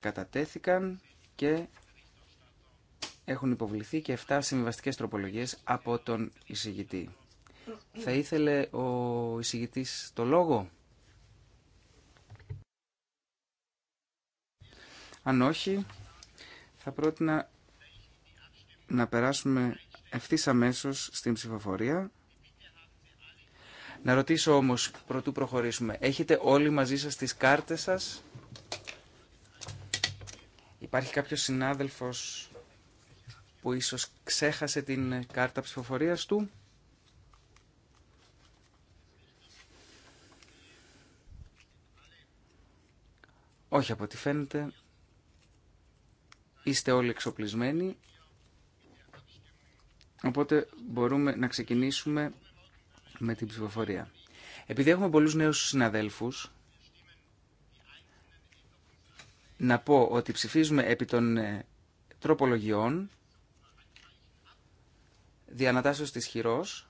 κατατέθηκαν και έχουν υποβληθεί και 7 συμβαστικέ τροπολογίες από τον εισηγητή. Θα ήθελε ο εισηγητή το λόγο. Αν όχι, θα πρότεινα να περάσουμε ευθύ αμέσω στην ψηφοφορία. Να ρωτήσω όμως, πρωτού προχωρήσουμε, έχετε όλοι μαζί σας τις κάρτες σας. Υπάρχει κάποιος συνάδελφος που ίσως ξέχασε την κάρτα ψηφοφορίας του. Όχι από ό,τι φαίνεται. Είστε όλοι εξοπλισμένοι. Οπότε μπορούμε να ξεκινήσουμε με την ψηφοφορία. Επειδή έχουμε πολλούς νέους συναδέλφους, να πω ότι ψηφίζουμε επί των ε, τροπολογιών διανατάσσεως της χειρός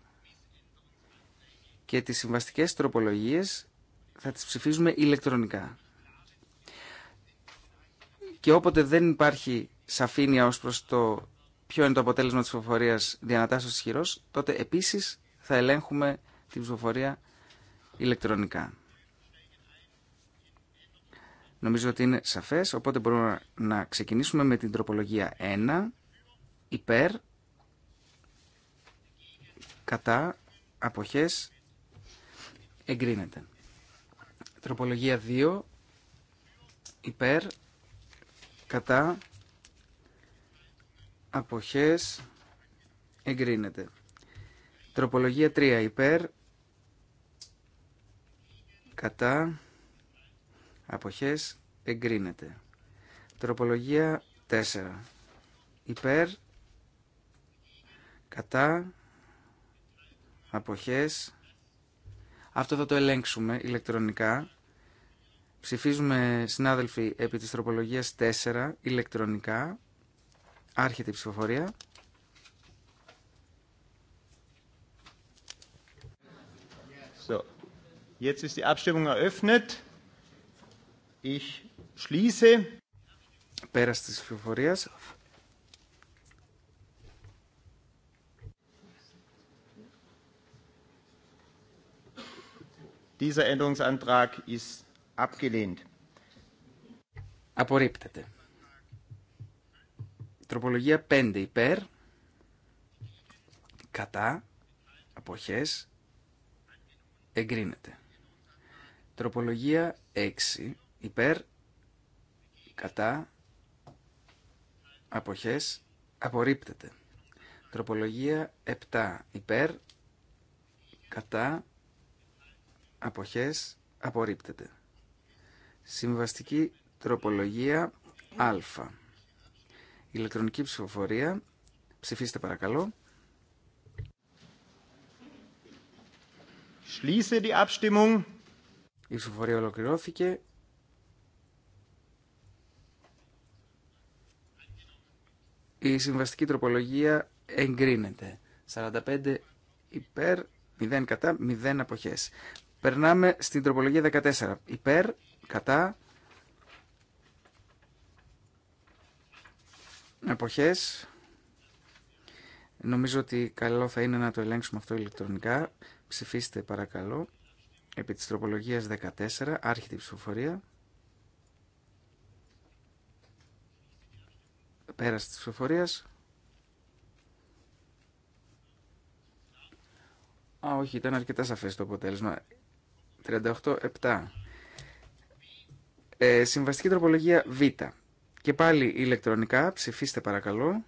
και τις συμβαστικές τροπολογίες θα τις ψηφίζουμε ηλεκτρονικά. Και όποτε δεν υπάρχει σαφήνεια ως προς το ποιο είναι το αποτέλεσμα της ψηφοφορίας διανατάσσεως της χειρός, τότε επίσης θα ελέγχουμε την ψηφοφορία ηλεκτρονικά. Νομίζω ότι είναι σαφές, οπότε μπορούμε να ξεκινήσουμε με την τροπολογία 1, υπέρ, κατά, αποχές, εγκρίνεται. Τροπολογία 2, υπέρ, κατά, αποχές, εγκρίνεται. Τροπολογία 3, υπέρ, κατά, Αποχές εγκρίνεται. Τροπολογία 4. Υπέρ, κατά, αποχές. Αυτό θα το ελέγξουμε ηλεκτρονικά. Ψηφίζουμε, συνάδελφοι, επί της τροπολογίας 4 ηλεκτρονικά. Άρχεται η ψηφοφορία. So. Jetzt ist die Abstimmung eröffnet. Ich schließe. Πέρας της Dieser Änderungsantrag ist abgelehnt. Απορρίπτεται. Τροπολογία 5 υπέρ, κατά, αποχές, εγκρίνεται. Τροπολογία 6 υπέρ, κατά, αποχές, απορρίπτεται. Τροπολογία 7 υπέρ, κατά, αποχές, απορρίπτεται. Συμβαστική τροπολογία α. Ηλεκτρονική ψηφοφορία. Ψηφίστε παρακαλώ. Schließe die Abstimmung. Η ψηφοφορία ολοκληρώθηκε. Η συμβαστική τροπολογία εγκρίνεται. 45 υπέρ, 0 κατά, 0 αποχές. Περνάμε στην τροπολογία 14. Υπέρ, κατά, αποχές. Νομίζω ότι καλό θα είναι να το ελέγξουμε αυτό ηλεκτρονικά. Ψηφίστε παρακαλώ. Επί της τροπολογίας 14, άρχιτη ψηφοφορία. Πέραση της ψηφοφορίας. Α, όχι, ήταν αρκετά σαφές το αποτέλεσμα. 38-7. Ε, συμβαστική τροπολογία Β. Και πάλι ηλεκτρονικά, ψηφίστε παρακαλώ.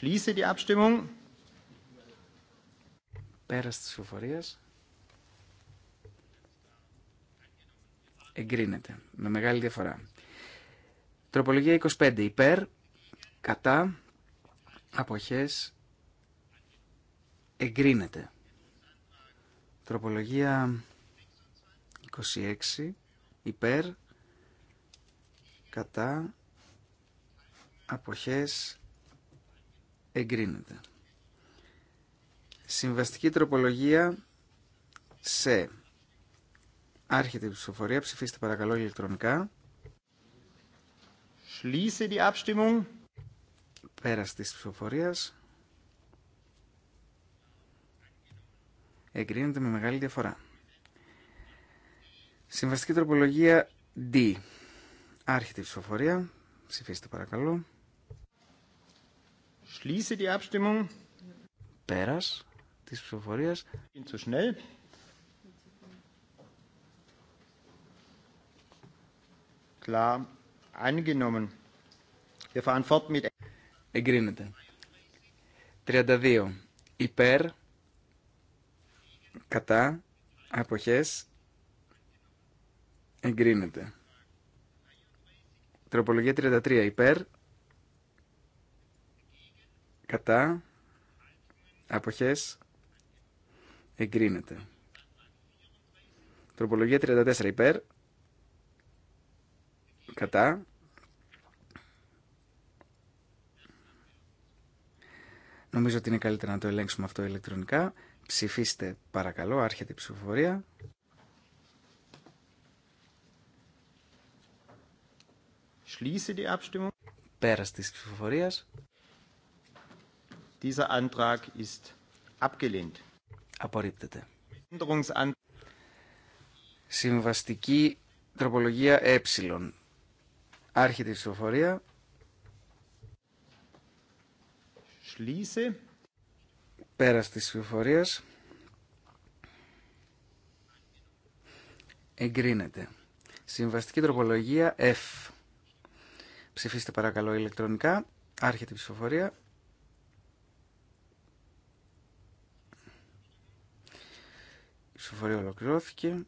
Schließe die Abstimmung. Πέρας της Εγκρίνεται. Με μεγάλη διαφορά. Τροπολογία 25. Υπέρ. Κατά. Αποχές. Εγκρίνεται. Τροπολογία 26. Υπέρ. Κατά. Αποχές. Εγκρίνεται. Συμβαστική τροπολογία σε Άρχεται η ψηφοφορία. Ψηφίστε παρακαλώ ηλεκτρονικά. Schließe die Abstimmung. Πέρας της ψηφοφορίας. Εγκρίνεται με μεγάλη διαφορά. Συμβαστική τροπολογία D. Άρχεται η ψηφοφορία. Ψηφίστε παρακαλώ. Schließe die Abstimmung. Πέρας της ψηφοφορίας. zu schnell. klar angenommen. Wir fahren mit... Εγκρίνεται. 32. Υπέρ, κατά, αποχές, εγκρίνεται. Τροπολογία 33. Υπέρ, κατά, αποχές, εγκρίνεται. Τροπολογία 34. Υπέρ, Κατά. Νομίζω ότι είναι καλύτερα να το ελέγξουμε αυτό ηλεκτρονικά. Ψηφίστε παρακαλώ, άρχεται η ψηφοφορία. Schließe die Abstimmung. Πέρας της ψηφοφορίας. Dieser Antrag ist abgelehnt. Απορρίπτεται. Συμβαστική τροπολογία ε. Άρχεται η ψηφοφορία. σλίσε Πέρας της ψηφοφορίας. Εγκρίνεται. Συμβαστική τροπολογία F. Ψηφίστε παρακαλώ ηλεκτρονικά. Άρχεται η ψηφοφορία. Η ψηφοφορία ολοκληρώθηκε.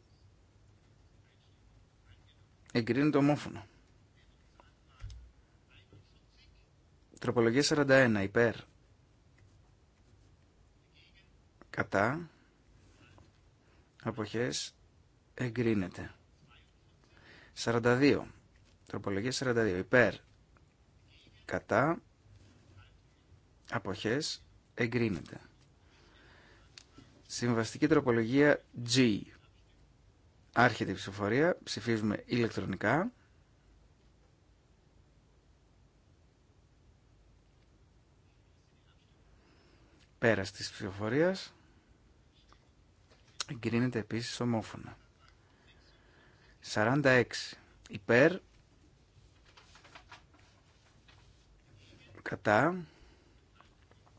Εγκρίνεται ομόφωνο. Τροπολογία 41 υπέρ. Κατά. Αποχές εγκρίνεται. 42. Τροπολογία 42 υπέρ. Κατά. Αποχές εγκρίνεται. Συμβαστική τροπολογία G. Άρχεται η ψηφοφορία. Ψηφίζουμε ηλεκτρονικά. Πέρας της ψηφοφορίας εγκρίνεται επίσης ομόφωνα. 46 υπέρ κατά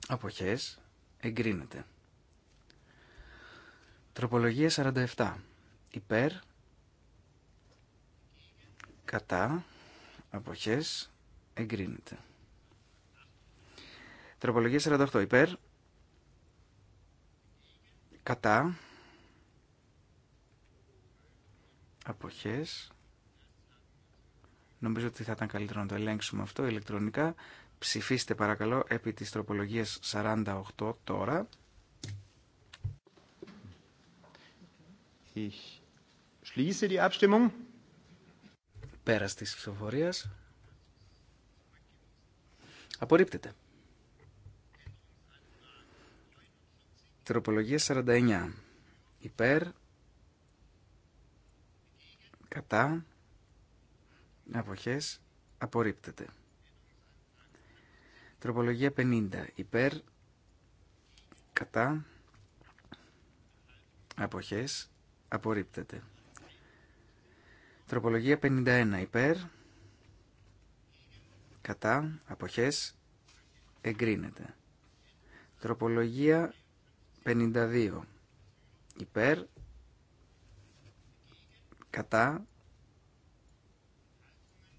αποχές εγκρίνεται. Τροπολογία 47 υπέρ κατά αποχές εγκρίνεται. Τροπολογία 48 υπέρ κατά αποχές νομίζω ότι θα ήταν καλύτερο να το ελέγξουμε αυτό ηλεκτρονικά ψηφίστε παρακαλώ επί της τροπολογίας 48 τώρα Ich schließe die Πέρας της απορρίπτεται Τροπολογία 49. Υπέρ, κατά, αποχές, απορρίπτεται. Τροπολογία 50. Υπέρ, κατά, αποχές, απορρίπτεται. Τροπολογία 51. Υπέρ, κατά, αποχές, εγκρίνεται. Τροπολογία 52 υπέρ κατά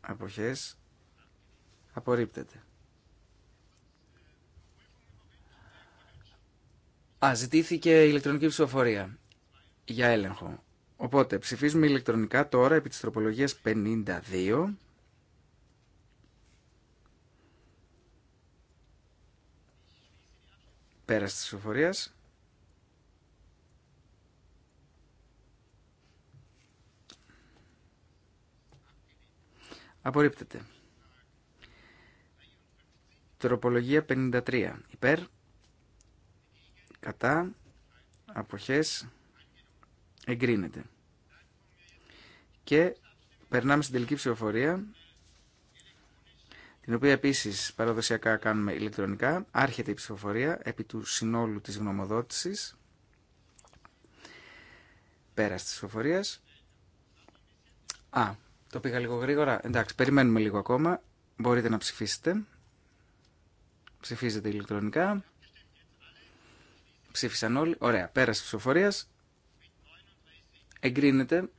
αποχές απορρίπτεται. Α, ζητήθηκε ηλεκτρονική ψηφοφορία για έλεγχο. Οπότε ψηφίζουμε ηλεκτρονικά τώρα επί της τροπολογίας 52. Πέρας της ψηφοφορίας. Απορρίπτεται. Τροπολογία 53. Υπέρ. Κατά. Αποχές. Εγκρίνεται. Και περνάμε στην τελική ψηφοφορία, την οποία επίσης παραδοσιακά κάνουμε ηλεκτρονικά. Άρχεται η ψηφοφορία επί του συνόλου της γνωμοδότησης. Πέρας της ψηφοφορίας. Α, το πήγα λίγο γρήγορα. Εντάξει, περιμένουμε λίγο ακόμα. Μπορείτε να ψηφίσετε. Ψηφίζετε ηλεκτρονικά. Ψήφισαν όλοι. Ωραία. Πέρασε ψηφοφορία. Εγκρίνεται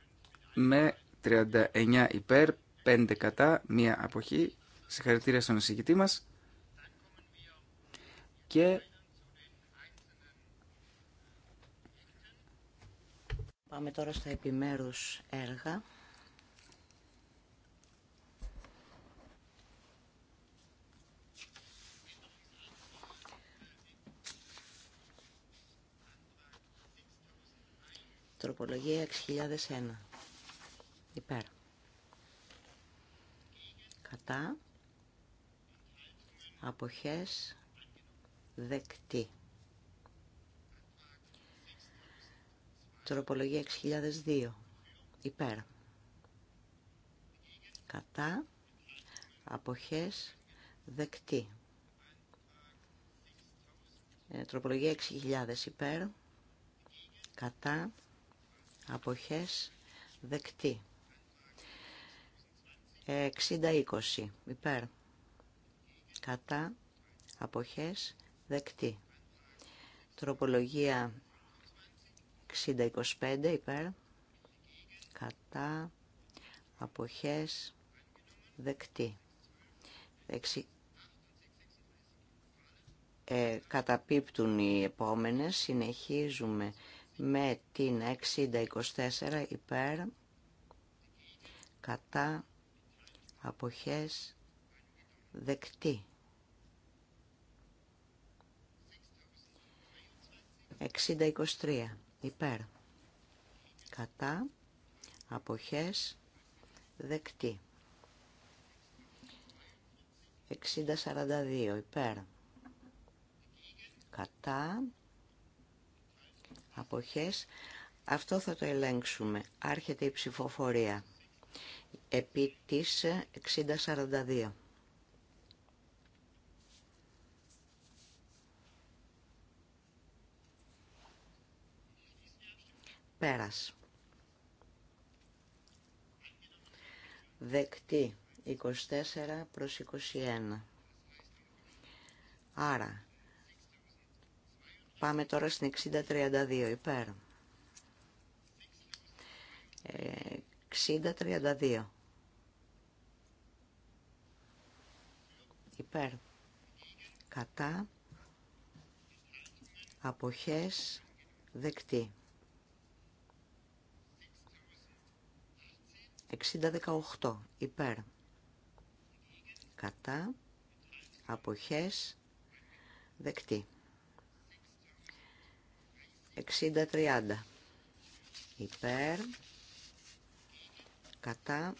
με 39 υπέρ, 5 κατά, μία αποχή. Συγχαρητήρια στον εισηγητή μας. Και... Πάμε τώρα στα επιμέρους έργα. Τροπολογία 6001. Υπέρ. Κατά. Αποχές. Δεκτή. Τροπολογία 6002. Υπέρ. Κατά. Αποχές. Δεκτή. Ε, τροπολογία 6000 υπέρ. Κατά αποχές δεκτή. 60-20 υπέρ κατά αποχές δεκτή. Τροπολογία 60-25 υπέρ κατά αποχές δεκτή. Ε, καταπίπτουν οι επόμενες, συνεχίζουμε με την 6024 υπέρ κατά αποχές δεκτή. 60-23 υπέρ κατά αποχές δεκτή. 60-42 υπέρ κατά αποχές. Αυτό θα το ελέγξουμε. Άρχεται η ψηφοφορία. Επί της 6042. Πέρας. Δεκτή 24 προς 21. Άρα Πάμε τώρα στην 6032. υπέρ. 60-32 ε, Κατά αποχές δεκτή. 6018. υπερ Κατά αποχές δεκτή. 60-30 υπέρ κατά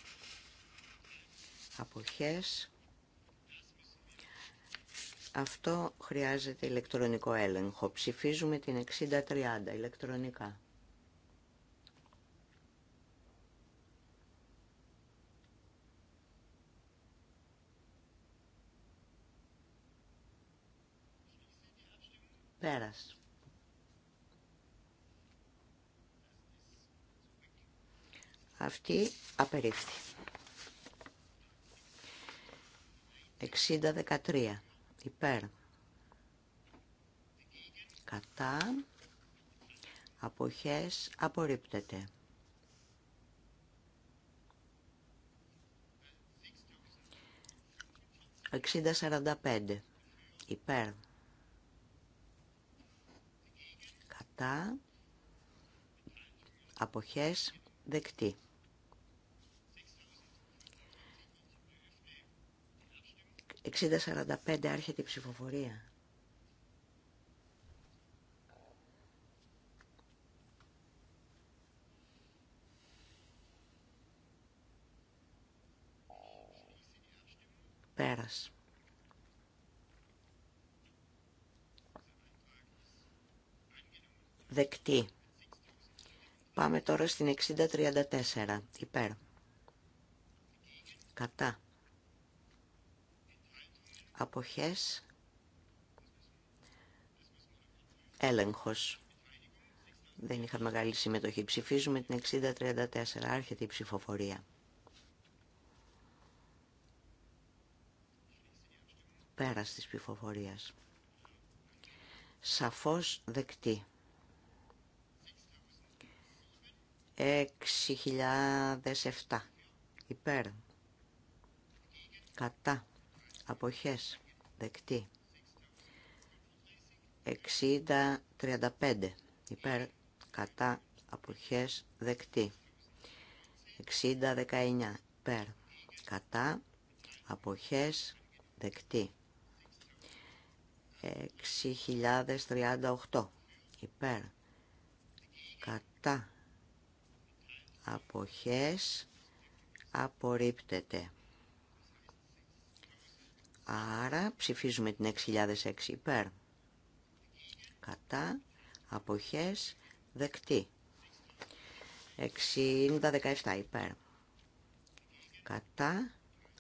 αποχές αυτό χρειάζεται ηλεκτρονικό έλεγχο ψηφίζουμε την 60-30 ηλεκτρονικά πέρασε αυτή απερίφθη. 60-13 υπέρ κατά αποχές απορριπτεται σαράντα πέντε. υπέρ κατά αποχές δεκτή. 60-45 άρχεται η ψηφοφορία. Πέρας. Δεκτή. Πάμε τώρα στην 60-34. Υπέρ. Κατά αποχές έλεγχος δεν είχα μεγάλη συμμετοχή ψηφίζουμε την 6034 άρχεται η ψηφοφορία πέρας της ψηφοφορίας σαφώς δεκτή 6007 υπέρ κατά αποχές δεκτή 60-35 υπέρ κατά αποχές δεκτή 60-19 υπέρ κατά αποχές δεκτή 6.038 υπέρ κατά αποχές απορρίπτεται Άρα ψηφίζουμε την 6006 υπέρ. Κατά αποχές δεκτή. 6017 υπέρ. Κατά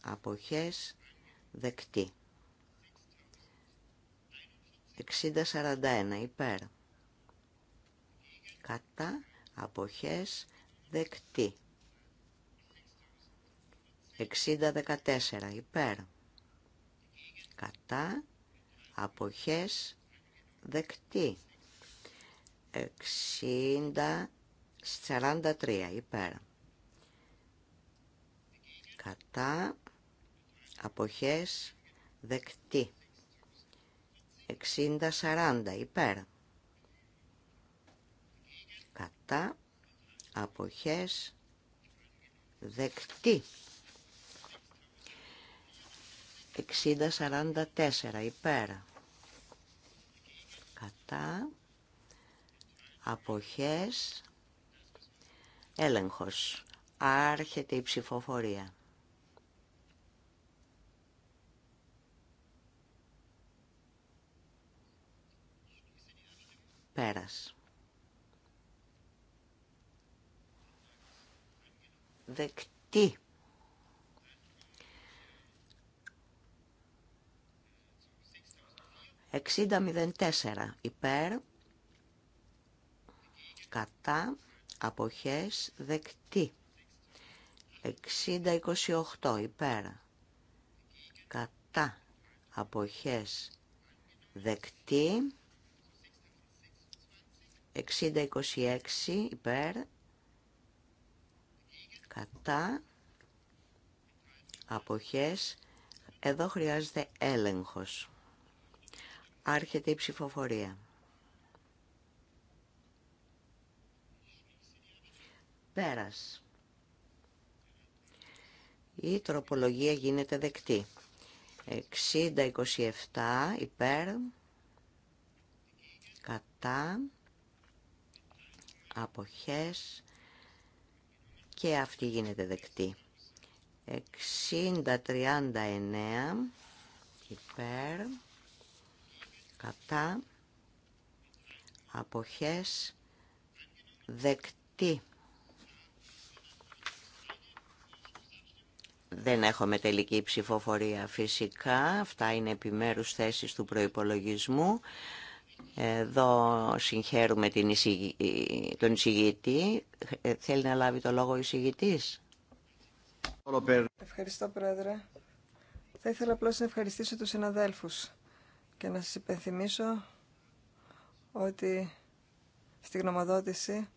αποχές δεκτή. 6041 υπέρ. Κατά αποχές δεκτή. 6014 υπέρ κατά αποχές δεκτή 60 43 υπέρ κατά αποχές δεκτή 60 40 υπέρ κατά αποχές δεκτή 60-44 υπέρ κατά αποχές έλεγχος άρχεται η ψηφοφορία πέρας δεκτή 60 6004 υπέρ κατά αποχές δεκτή 28 υπέρ κατά αποχές δεκτή 26 υπέρ κατά αποχές εδώ χρειάζεται έλεγχος Άρχεται η ψηφοφορία. Πέρας. Η τροπολογία γίνεται δεκτή. 60-27 υπέρ, κατά, αποχές και αυτή γίνεται δεκτή. 60-39 υπέρ, κατά αποχές δεκτή. Δεν έχουμε τελική ψηφοφορία φυσικά, αυτά είναι επιμέρους θέσεις του προϋπολογισμού. Εδώ συγχαίρουμε την τον εισηγητή. Θέλει να λάβει το λόγο ο εισηγητής. Ευχαριστώ Πρόεδρε. Θα ήθελα απλώς να ευχαριστήσω τους συναδέλφους και να σας υπενθυμίσω ότι στη γνωμοδότηση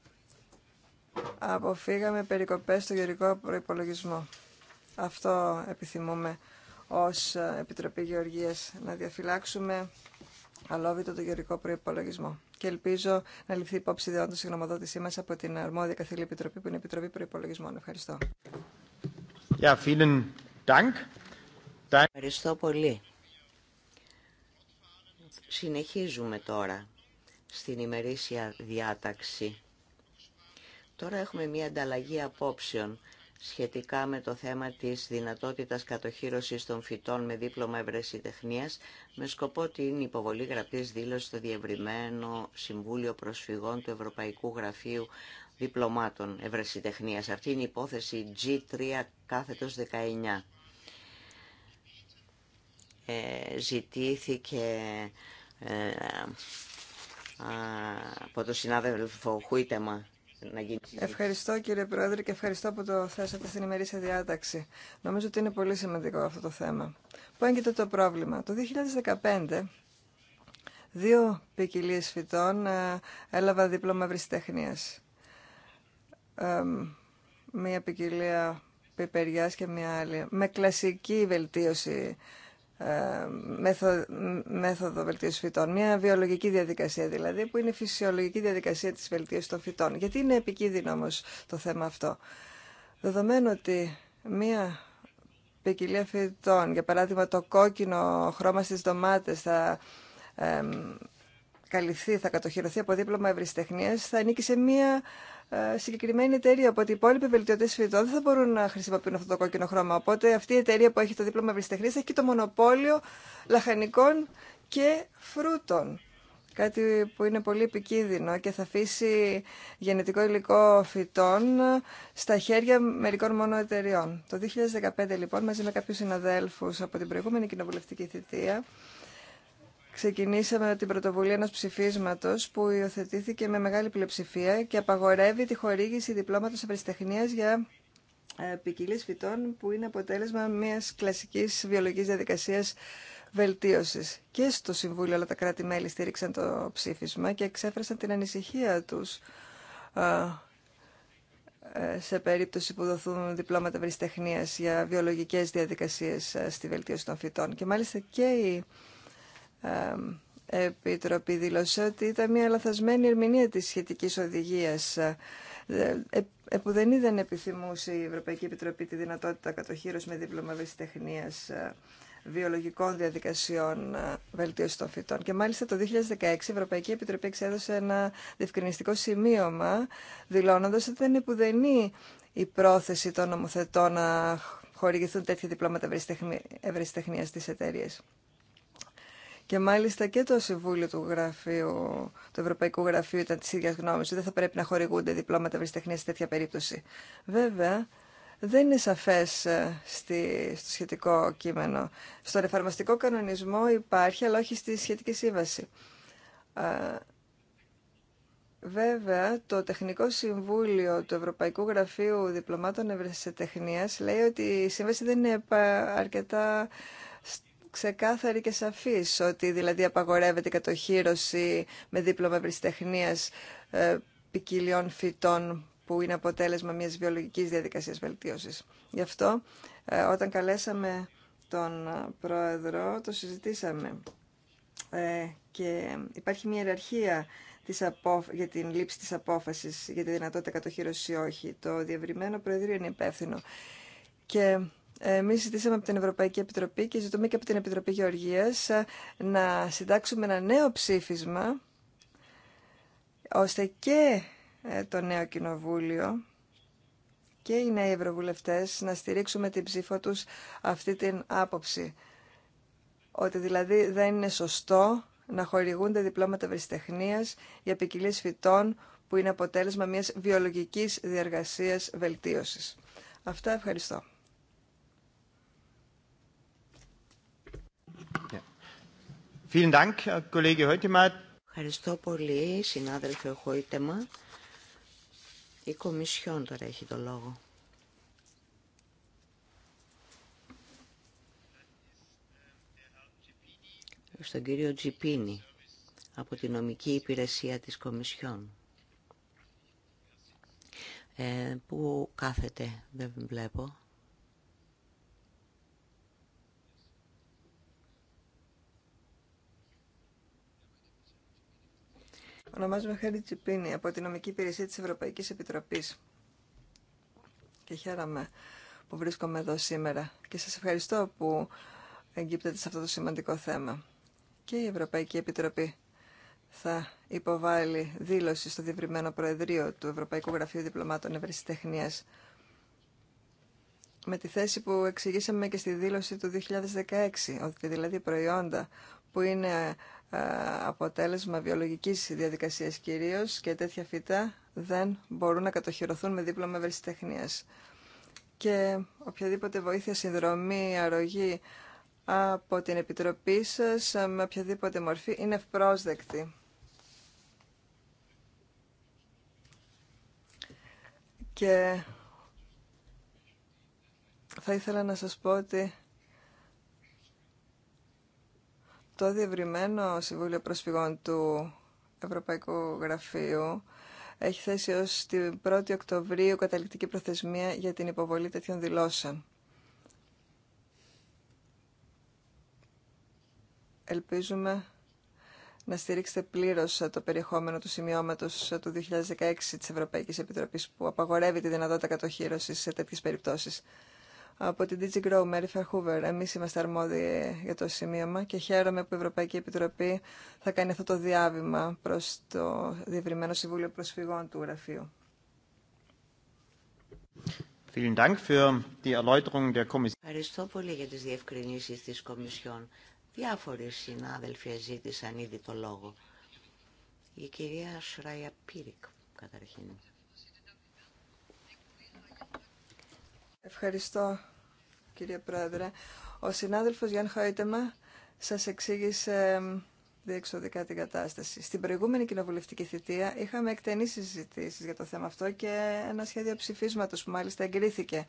αποφύγαμε περικοπές στο γεωρικό προϋπολογισμό. Αυτό επιθυμούμε ως Επιτροπή Γεωργίας να διαφυλάξουμε αλόβητο το γεωρικό προϋπολογισμό. Και ελπίζω να ληφθεί υπόψη διόντως η γνωμοδότησή μας από την αρμόδια καθήλη Επιτροπή που είναι η Επιτροπή Προϋπολογισμών. Ευχαριστώ. Ευχαριστώ πολύ. Συνεχίζουμε τώρα στην ημερήσια διάταξη. Τώρα έχουμε μια ανταλλαγή απόψεων σχετικά με το θέμα της δυνατότητας κατοχύρωσης των φυτών με δίπλωμα ευρεσιτεχνίας με σκοπό την υποβολή γραπτής δήλωσης στο Διευρυμένο Συμβούλιο Προσφυγών του Ευρωπαϊκού Γραφείου Διπλωμάτων Ευρεσιτεχνίας. Αυτή είναι η υπόθεση G3 19. Ε, ζητήθηκε ε, από τον συνάδελφο Χούιτεμα να γίνει Ευχαριστώ κύριε Πρόεδρε και ευχαριστώ που το θέσατε στην ημερήσια διάταξη. Νομίζω ότι είναι πολύ σημαντικό αυτό το θέμα. Πού έγκυται το πρόβλημα. Το 2015 δύο ποικιλίε φυτών ε, έλαβα δίπλωμα βριστέχνιας Ε, μία ποικιλία πιπεριάς και μία άλλη. Με κλασική βελτίωση ε, μέθοδο, μέθοδο βελτίωση φυτών. Μια βιολογική διαδικασία δηλαδή, που είναι φυσιολογική διαδικασία της βελτίωσης των φυτών. Γιατί είναι επικίνδυνο όμω το θέμα αυτό. Δεδομένου ότι μια ποικιλία φυτών, για παράδειγμα το κόκκινο χρώμα στις ντομάτες θα καλυφθεί, θα κατοχυρωθεί από δίπλωμα ευρυστεχνίας, θα ανήκει σε μια ε, συγκεκριμένη εταιρεία. Οπότε οι υπόλοιποι βελτιωτέ φυτών δεν θα μπορούν να χρησιμοποιούν αυτό το κόκκινο χρώμα. Οπότε αυτή η εταιρεία που έχει το δίπλωμα θα έχει και το μονοπόλιο λαχανικών και φρούτων. Κάτι που είναι πολύ επικίνδυνο και θα αφήσει γενετικό υλικό φυτών στα χέρια μερικών μόνο εταιριών. Το 2015 λοιπόν μαζί με κάποιους συναδέλφους από την προηγούμενη κοινοβουλευτική θητεία ξεκινήσαμε την πρωτοβουλία ενός ψηφίσματος που υιοθετήθηκε με μεγάλη πλειοψηφία και απαγορεύει τη χορήγηση διπλώματος ευρεσιτεχνίας για ε, ποικιλή φυτών που είναι αποτέλεσμα μιας κλασικής βιολογικής διαδικασίας βελτίωσης. Και στο Συμβούλιο όλα τα κράτη-μέλη στήριξαν το ψήφισμα και εξέφρασαν την ανησυχία τους ε, ε, σε περίπτωση που δοθούν διπλώματα ευρεσιτεχνίας για βιολογικές διαδικασίες στη βελτίωση των φυτών. Και μάλιστα και Επιτροπή δήλωσε ότι ήταν μια λαθασμένη ερμηνεία της σχετικής οδηγίας ε, ε, ε, που δεν επιθυμούσε η Ευρωπαϊκή Επιτροπή τη δυνατότητα κατοχήρωση με δίπλωμα ευρεσιτεχνία βιολογικών διαδικασιών βελτίωση των φυτών. Και μάλιστα το 2016 η Ευρωπαϊκή Επιτροπή εξέδωσε ένα διευκρινιστικό σημείωμα δηλώνοντας ότι δεν επουδενή η πρόθεση των νομοθετών να χορηγηθούν τέτοια διπλώματα ευρεσιτεχνίας στις εταιρείες. Και μάλιστα και το Συμβούλιο του, γραφείου, του Ευρωπαϊκού Γραφείου ήταν τη ίδια γνώμη ότι δεν θα πρέπει να χορηγούνται διπλώματα ευρεσιτεχνία σε τέτοια περίπτωση. Βέβαια, δεν είναι σαφές ε, στο σχετικό κείμενο. Στον εφαρμοστικό κανονισμό υπάρχει, αλλά όχι στη σχετική σύμβαση. Ε, βέβαια, το Τεχνικό Συμβούλιο του Ευρωπαϊκού Γραφείου Διπλωμάτων Ευρεσιτεχνία λέει ότι η σύμβαση δεν είναι αρκετά ξεκάθαρη και σαφής, ότι δηλαδή απαγορεύεται η κατοχήρωση με δίπλωμα ευρυστεχνίας ε, ποικιλιών φυτών που είναι αποτέλεσμα μιας βιολογικής διαδικασίας βελτίωσης. Γι' αυτό ε, όταν καλέσαμε τον ε, Πρόεδρο το συζητήσαμε και υπάρχει μια ιεραρχία της για την λήψη της απόφασης για τη δυνατότητα κατοχύρωση ή όχι. Το διευρυμένο Προεδρείο είναι υπεύθυνο. Και Εμεί ζητήσαμε από την Ευρωπαϊκή Επιτροπή και ζητούμε και από την Επιτροπή Γεωργίας ε, να συντάξουμε ένα νέο ψήφισμα ώστε και ε, το νέο κοινοβούλιο και οι νέοι ευρωβουλευτές να στηρίξουμε την ψήφο του αυτή την άποψη. Ότι δηλαδή δεν είναι σωστό να χορηγούνται διπλώματα ευρεσιτεχνίας για ποικιλίε φυτών που είναι αποτέλεσμα μιας βιολογικής διαργασίας βελτίωσης. Αυτά ευχαριστώ. Ευχαριστώ πολύ, συνάδελφε Χόιτεμα. Η Κομισιόν τώρα έχει το λόγο. Στον κύριο Τζιπίνη από τη νομική υπηρεσία της Κομισιόν ε, που κάθεται, δεν βλέπω. Ονομάζομαι Χέρι Τσιπίνη από την νομική υπηρεσία της Ευρωπαϊκής Επιτροπής και χαίρομαι που βρίσκομαι εδώ σήμερα και σας ευχαριστώ που εγκύπτεται σε αυτό το σημαντικό θέμα. Και η Ευρωπαϊκή Επιτροπή θα υποβάλει δήλωση στο διευρυμένο Προεδρείο του Ευρωπαϊκού Γραφείου Διπλωμάτων Ευρεσιτεχνίας με τη θέση που εξηγήσαμε και στη δήλωση του 2016, ότι δηλαδή προϊόντα που είναι ε, αποτέλεσμα βιολογικής διαδικασίας κυρίως και τέτοια φυτά δεν μπορούν να κατοχυρωθούν με δίπλωμα ευρεσιτεχνίας. Και οποιαδήποτε βοήθεια, συνδρομή, αρρωγή από την Επιτροπή σας με οποιαδήποτε μορφή είναι ευπρόσδεκτη. Και θα ήθελα να σας πω ότι το διευρυμένο Συμβούλιο Προσφυγών του Ευρωπαϊκού Γραφείου έχει θέσει ως την 1η Οκτωβρίου καταληκτική προθεσμία για την υποβολή τέτοιων δηλώσεων. Ελπίζουμε να στηρίξετε πλήρως το περιεχόμενο του σημειώματος του 2016 της Ευρωπαϊκής Επιτροπής που απαγορεύει τη δυνατότητα κατοχήρωσης σε τέτοιες περιπτώσεις από την DigiGrow, Grow, Mary Hoover. Εμείς είμαστε αρμόδιοι για το σημείωμα και χαίρομαι που η Ευρωπαϊκή Επιτροπή θα κάνει αυτό το διάβημα προς το Διευρυμένο Συμβούλιο Προσφυγών του Γραφείου. Ευχαριστώ πολύ για τις διευκρινήσεις της Κομισιόν. Διάφοροι συνάδελφοι ζήτησαν ήδη το λόγο. Η κυρία Σράια Πύρικ, καταρχήν. Ευχαριστώ, κύριε Πρόεδρε. Ο συνάδελφος Γιάνν Χαϊτεμα σας εξήγησε διεξοδικά την κατάσταση. Στην προηγούμενη κοινοβουλευτική θητεία είχαμε εκτενείς συζητήσει για το θέμα αυτό και ένα σχέδιο ψηφίσματος που μάλιστα εγκρίθηκε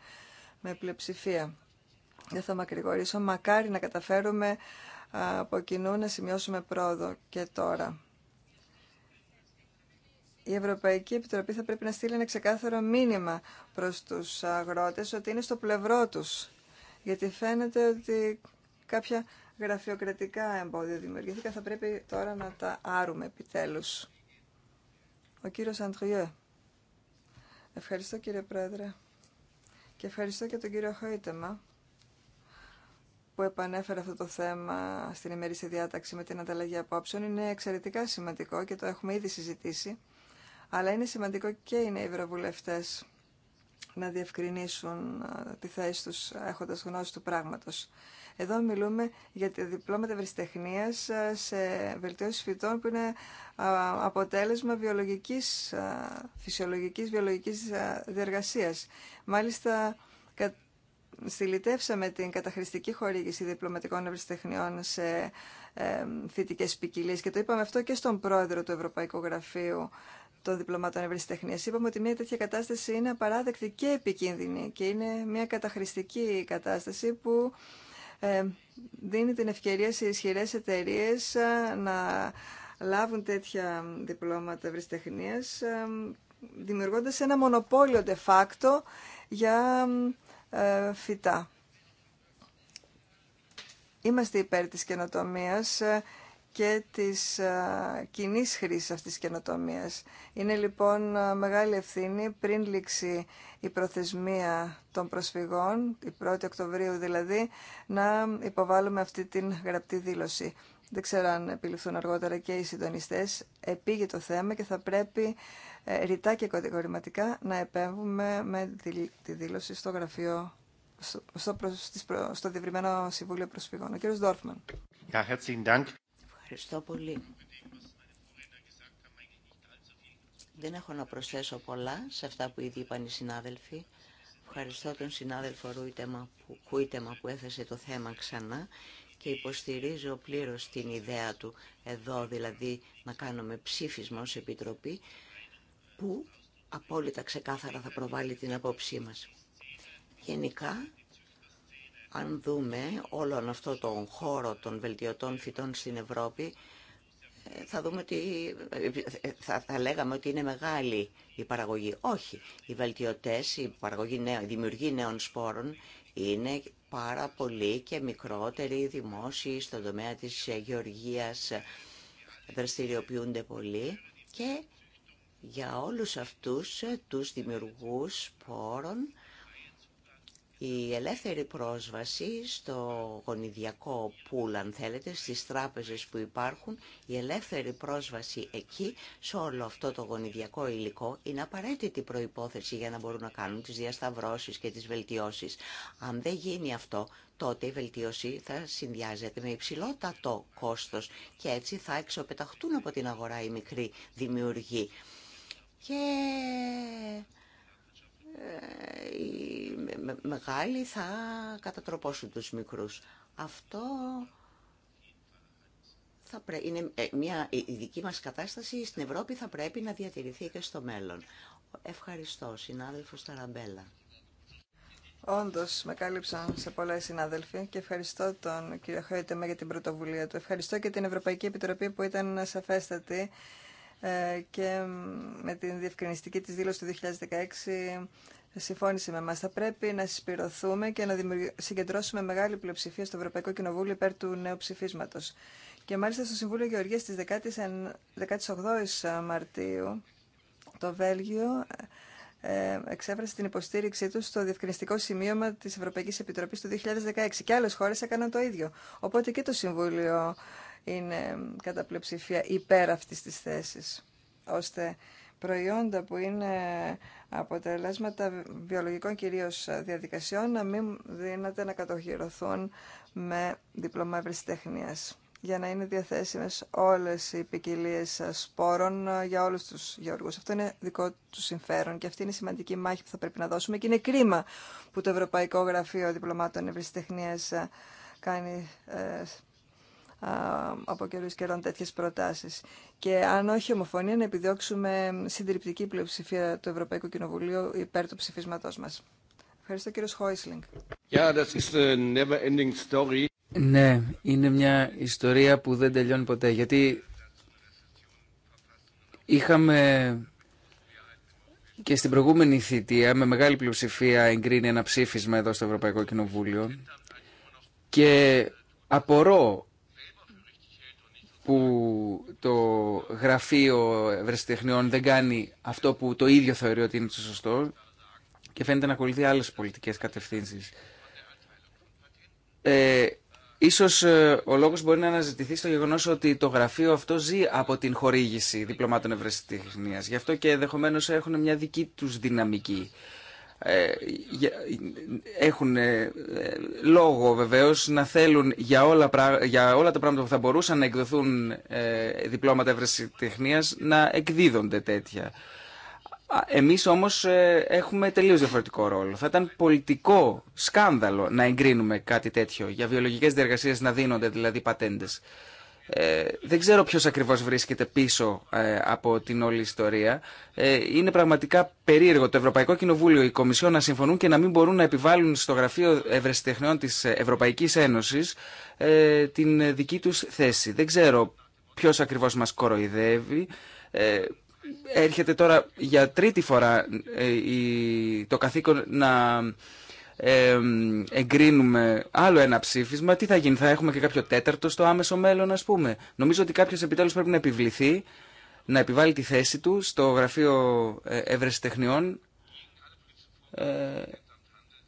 με πλειοψηφία. Δεν θα μακρηγορήσω, μακάρι να καταφέρουμε από κοινού να σημειώσουμε πρόοδο και τώρα η Ευρωπαϊκή Επιτροπή θα πρέπει να στείλει ένα ξεκάθαρο μήνυμα προς τους αγρότες ότι είναι στο πλευρό τους. Γιατί φαίνεται ότι κάποια γραφειοκρατικά εμπόδια δημιουργήθηκαν. Θα πρέπει τώρα να τα άρουμε επιτέλους. Ο κύριος Αντριέ. Ευχαριστώ κύριε Πρόεδρε. Και ευχαριστώ και τον κύριο Χαϊτεμα που επανέφερε αυτό το θέμα στην ημερήσια διάταξη με την ανταλλαγή απόψεων. Είναι εξαιρετικά σημαντικό και το έχουμε ήδη συζητήσει. Αλλά είναι σημαντικό και οι νέοι να διευκρινίσουν τη θέση τους έχοντας γνώση του πράγματος. Εδώ μιλούμε για τη διπλώματα ευρεσιτεχνία σε βελτίωση φυτών που είναι αποτέλεσμα βιολογικής, φυσιολογικής βιολογικής διεργασίας. Μάλιστα, στυλιτεύσαμε την καταχρηστική χορήγηση διπλωματικών ευρεσιτεχνιών σε φυτικές ποικιλίε και το είπαμε αυτό και στον πρόεδρο του Ευρωπαϊκού Γραφείου των διπλωμάτων ευρεσιτεχνία. Είπαμε ότι μια τέτοια κατάσταση είναι απαράδεκτη και επικίνδυνη και είναι μια καταχρηστική κατάσταση που ε, δίνει την ευκαιρία σε ισχυρέ εταιρείε ε, να λάβουν τέτοια διπλώματα ευρεσιτεχνία, ε, δημιουργώντας ένα μονοπόλιο de facto για φυτά. Είμαστε υπέρ της καινοτομίας και της κοινή χρήσης αυτής της καινοτομίας. Είναι λοιπόν μεγάλη ευθύνη πριν λήξει η προθεσμία των προσφυγών, η 1η Οκτωβρίου δηλαδή, να υποβάλουμε αυτή την γραπτή δήλωση. Δεν ξέρω αν επιληφθούν αργότερα και οι συντονιστές. Επήγε το θέμα και θα πρέπει ε, ρητά και κατηγορηματικά να επέμβουμε με τη δήλωση στο γραφείο στο, στο, στο Διευρυμένο Συμβούλιο Προσφυγών. Ο κύριος Ντόρφμαν. Ευχαριστώ πολύ. Δεν έχω να προσθέσω πολλά σε αυτά που ήδη είπαν οι συνάδελφοι. Ευχαριστώ τον συνάδελφο Ρούιτεμα που, Κούιτεμα που έθεσε το θέμα ξανά και υποστηρίζω πλήρως την ιδέα του εδώ, δηλαδή να κάνουμε ψήφισμα ως Επιτροπή που απόλυτα ξεκάθαρα θα προβάλλει την απόψή μας. Γενικά αν δούμε όλο αυτό τον χώρο των βελτιωτών φυτών στην Ευρώπη, ε, θα δούμε ότι ε, θα, θα λέγαμε ότι είναι μεγάλη η παραγωγή. Όχι. Οι βελτιωτές, η παραγωγή νέων, δημιουργή νέων σπόρων είναι πάρα πολύ και μικρότεροι δημόσιοι στον τομέα της ε, γεωργίας δραστηριοποιούνται πολύ και για όλους αυτούς τους δημιουργούς σπόρων η ελεύθερη πρόσβαση στο γονιδιακό πουλ, αν θέλετε, στις τράπεζες που υπάρχουν, η ελεύθερη πρόσβαση εκεί, σε όλο αυτό το γονιδιακό υλικό, είναι απαραίτητη προϋπόθεση για να μπορούν να κάνουν τις διασταυρώσεις και τις βελτιώσεις. Αν δεν γίνει αυτό, τότε η βελτίωση θα συνδυάζεται με υψηλότατο κόστος και έτσι θα εξοπεταχτούν από την αγορά οι μικροί δημιουργοί οι ε, μεγάλοι θα κατατροπώσουν τους μικρούς. Αυτό θα είναι ε, μια η δική μας κατάσταση στην Ευρώπη θα πρέπει να διατηρηθεί και στο μέλλον. Ευχαριστώ, συνάδελφος Ταραμπέλα. Όντως, με κάλυψαν σε πολλά συνάδελφοι και ευχαριστώ τον κύριο Χαϊτεμέ για την πρωτοβουλία του. Ευχαριστώ και την Ευρωπαϊκή Επιτροπή που ήταν σαφέστατη ε, και με την διευκρινιστική της δήλωση του 2016 συμφώνησε με εμάς. Θα πρέπει να συσπηρωθούμε και να συγκεντρώσουμε μεγάλη πλειοψηφία στο Ευρωπαϊκό Κοινοβούλιο υπέρ του νέου ψηφίσματος. Και μάλιστα στο Συμβούλιο Γεωργίας της 18 Μαρτίου το Βέλγιο ε, εξέφρασε την υποστήριξή του στο διευκρινιστικό σημείωμα τη Ευρωπαϊκή Επιτροπή του 2016. Και άλλε χώρε έκαναν το ίδιο. Οπότε και το Συμβούλιο είναι κατά πλειοψηφία υπέρ αυτής της θέσης, ώστε προϊόντα που είναι αποτελέσματα βιολογικών κυρίως διαδικασιών να μην δίνεται να κατοχυρωθούν με δίπλωμα ευρεσιτεχνίας για να είναι διαθέσιμες όλες οι ποικιλίε σπόρων για όλους τους γεωργούς. Αυτό είναι δικό του συμφέρον και αυτή είναι η σημαντική μάχη που θα πρέπει να δώσουμε και είναι κρίμα που το Ευρωπαϊκό Γραφείο Διπλωμάτων Ευρεσιτεχνίας κάνει ε, από καιρού καιρών τέτοιε προτάσεις. Και αν όχι ομοφωνία, να επιδιώξουμε συντριπτική πλειοψηφία του Ευρωπαϊκού Κοινοβουλίου υπέρ του ψηφίσματός μας. Ευχαριστώ κύριο Χόισλινγκ. Ναι, είναι μια ιστορία που δεν τελειώνει ποτέ, γιατί είχαμε και στην προηγούμενη θητεία με μεγάλη πλειοψηφία εγκρίνει ένα ψήφισμα εδώ στο Ευρωπαϊκό Κοινοβούλιο και απορώ που το γραφείο ευρεσιτεχνιών δεν κάνει αυτό που το ίδιο θεωρεί ότι είναι το σωστό και φαίνεται να ακολουθεί άλλες πολιτικές κατευθύνσεις. Ε, ίσως ε, ο λόγος μπορεί να αναζητηθεί στο γεγονός ότι το γραφείο αυτό ζει από την χορήγηση διπλωμάτων ευρεσιτεχνίας. Γι' αυτό και ενδεχομένω έχουν μια δική τους δυναμική. Ε, έχουν ε, λόγο βεβαίως να θέλουν για όλα, για όλα τα πράγματα που θα μπορούσαν να εκδοθούν ε, διπλώματα ευρεσιτεχνίας να εκδίδονται τέτοια. Εμείς όμως έχουμε τελείως διαφορετικό ρόλο. Θα ήταν πολιτικό σκάνδαλο να εγκρίνουμε κάτι τέτοιο για βιολογικές διεργασίες να δίνονται δηλαδή πατέντες. Ε, δεν ξέρω ποιο ακριβώς βρίσκεται πίσω ε, από την όλη ιστορία. Ε, είναι πραγματικά περίεργο το Ευρωπαϊκό Κοινοβούλιο, η Κομισιόν να συμφωνούν και να μην μπορούν να επιβάλλουν στο Γραφείο Ευρεσιτεχνιών της Ευρωπαϊκής Ένωσης ε, την δική τους θέση. Δεν ξέρω ποιο ακριβώς μα κοροϊδεύει. Ε, έρχεται τώρα για τρίτη φορά το καθήκον να εγκρίνουμε άλλο ένα ψήφισμα, τι θα γίνει, θα έχουμε και κάποιο τέταρτο στο άμεσο μέλλον ας πούμε. Νομίζω ότι κάποιο επιτέλους πρέπει να επιβληθεί, να επιβάλλει τη θέση του στο γραφείο Εύρεσης Τεχνιών, ε,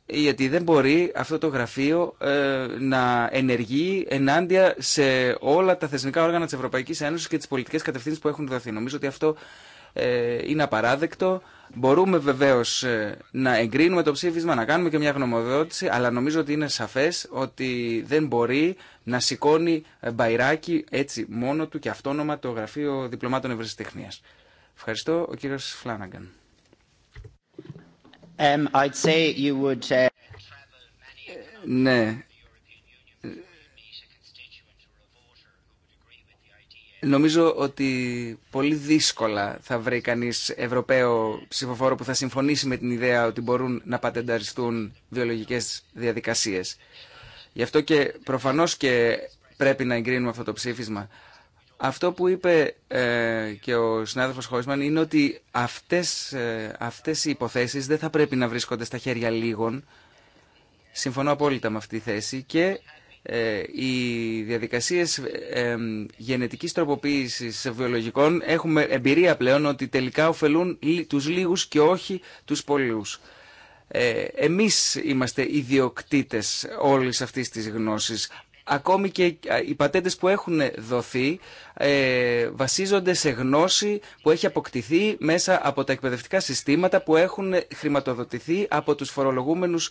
γιατί δεν μπορεί αυτό το γραφείο ε, να ενεργεί ενάντια σε όλα τα θεσμικά όργανα της Ευρωπαϊκής Ένωσης και τις πολιτικές κατευθύνσεις που έχουν δοθεί. Νομίζω ότι αυτό ε, είναι απαράδεκτο Μπορούμε βεβαίω ε, να εγκρίνουμε το ψήφισμα, να κάνουμε και μια γνωμοδότηση, αλλά νομίζω ότι είναι σαφέ ότι δεν μπορεί να σηκώνει ε, μπαϊράκι έτσι μόνο του και αυτόνομα το Γραφείο Διπλωμάτων Ευρεσιτεχνία. Ευχαριστώ, ο κύριο Φλάναγκαν. Um, uh, ναι, Νομίζω ότι πολύ δύσκολα θα βρει κανείς Ευρωπαίο ψηφοφόρο που θα συμφωνήσει με την ιδέα ότι μπορούν να πατενταριστούν βιολογικές διαδικασίες. Γι' αυτό και προφανώς και πρέπει να εγκρίνουμε αυτό το ψήφισμα. Αυτό που είπε ε, και ο συνάδελφος Χόισμαν είναι ότι αυτές, ε, αυτές οι υποθέσεις δεν θα πρέπει να βρίσκονται στα χέρια λίγων. Συμφωνώ απόλυτα με αυτή τη θέση και ε, οι διαδικασίες ε, ε, γενετικής τροποποίησης βιολογικών έχουμε εμπειρία πλέον ότι τελικά ωφελούν τους λίγους και όχι τους πολλούς. Εμείς είμαστε ιδιοκτήτες όλης αυτής της γνώσης. Ακόμη και οι πατέντες που έχουν δοθεί ε, βασίζονται σε γνώση που έχει αποκτηθεί μέσα από τα εκπαιδευτικά συστήματα που έχουν χρηματοδοτηθεί από τους φορολογούμενους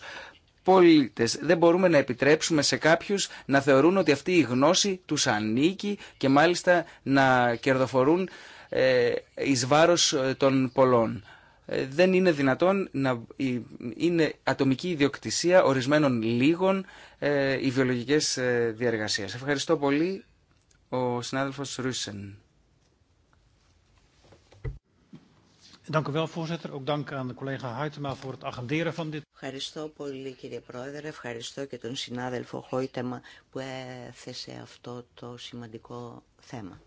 δεν μπορούμε να επιτρέψουμε σε κάποιου να θεωρούν ότι αυτή η γνώση του ανήκει και μάλιστα να κερδοφορούν ε, ει βάρο ε, των πολλών. Ε, δεν είναι δυνατόν να είναι ατομική ιδιοκτησία ορισμένων λίγων οι βιολογικέ διεργασίε. Ευχαριστώ πολύ ο συνάδελφος Ρούσεν. Ευχαριστώ πολύ κύριε Πρόεδρε, ευχαριστώ και τον συνάδελφο Χόιτεμα που έθεσε αυτό το σημαντικό θέμα.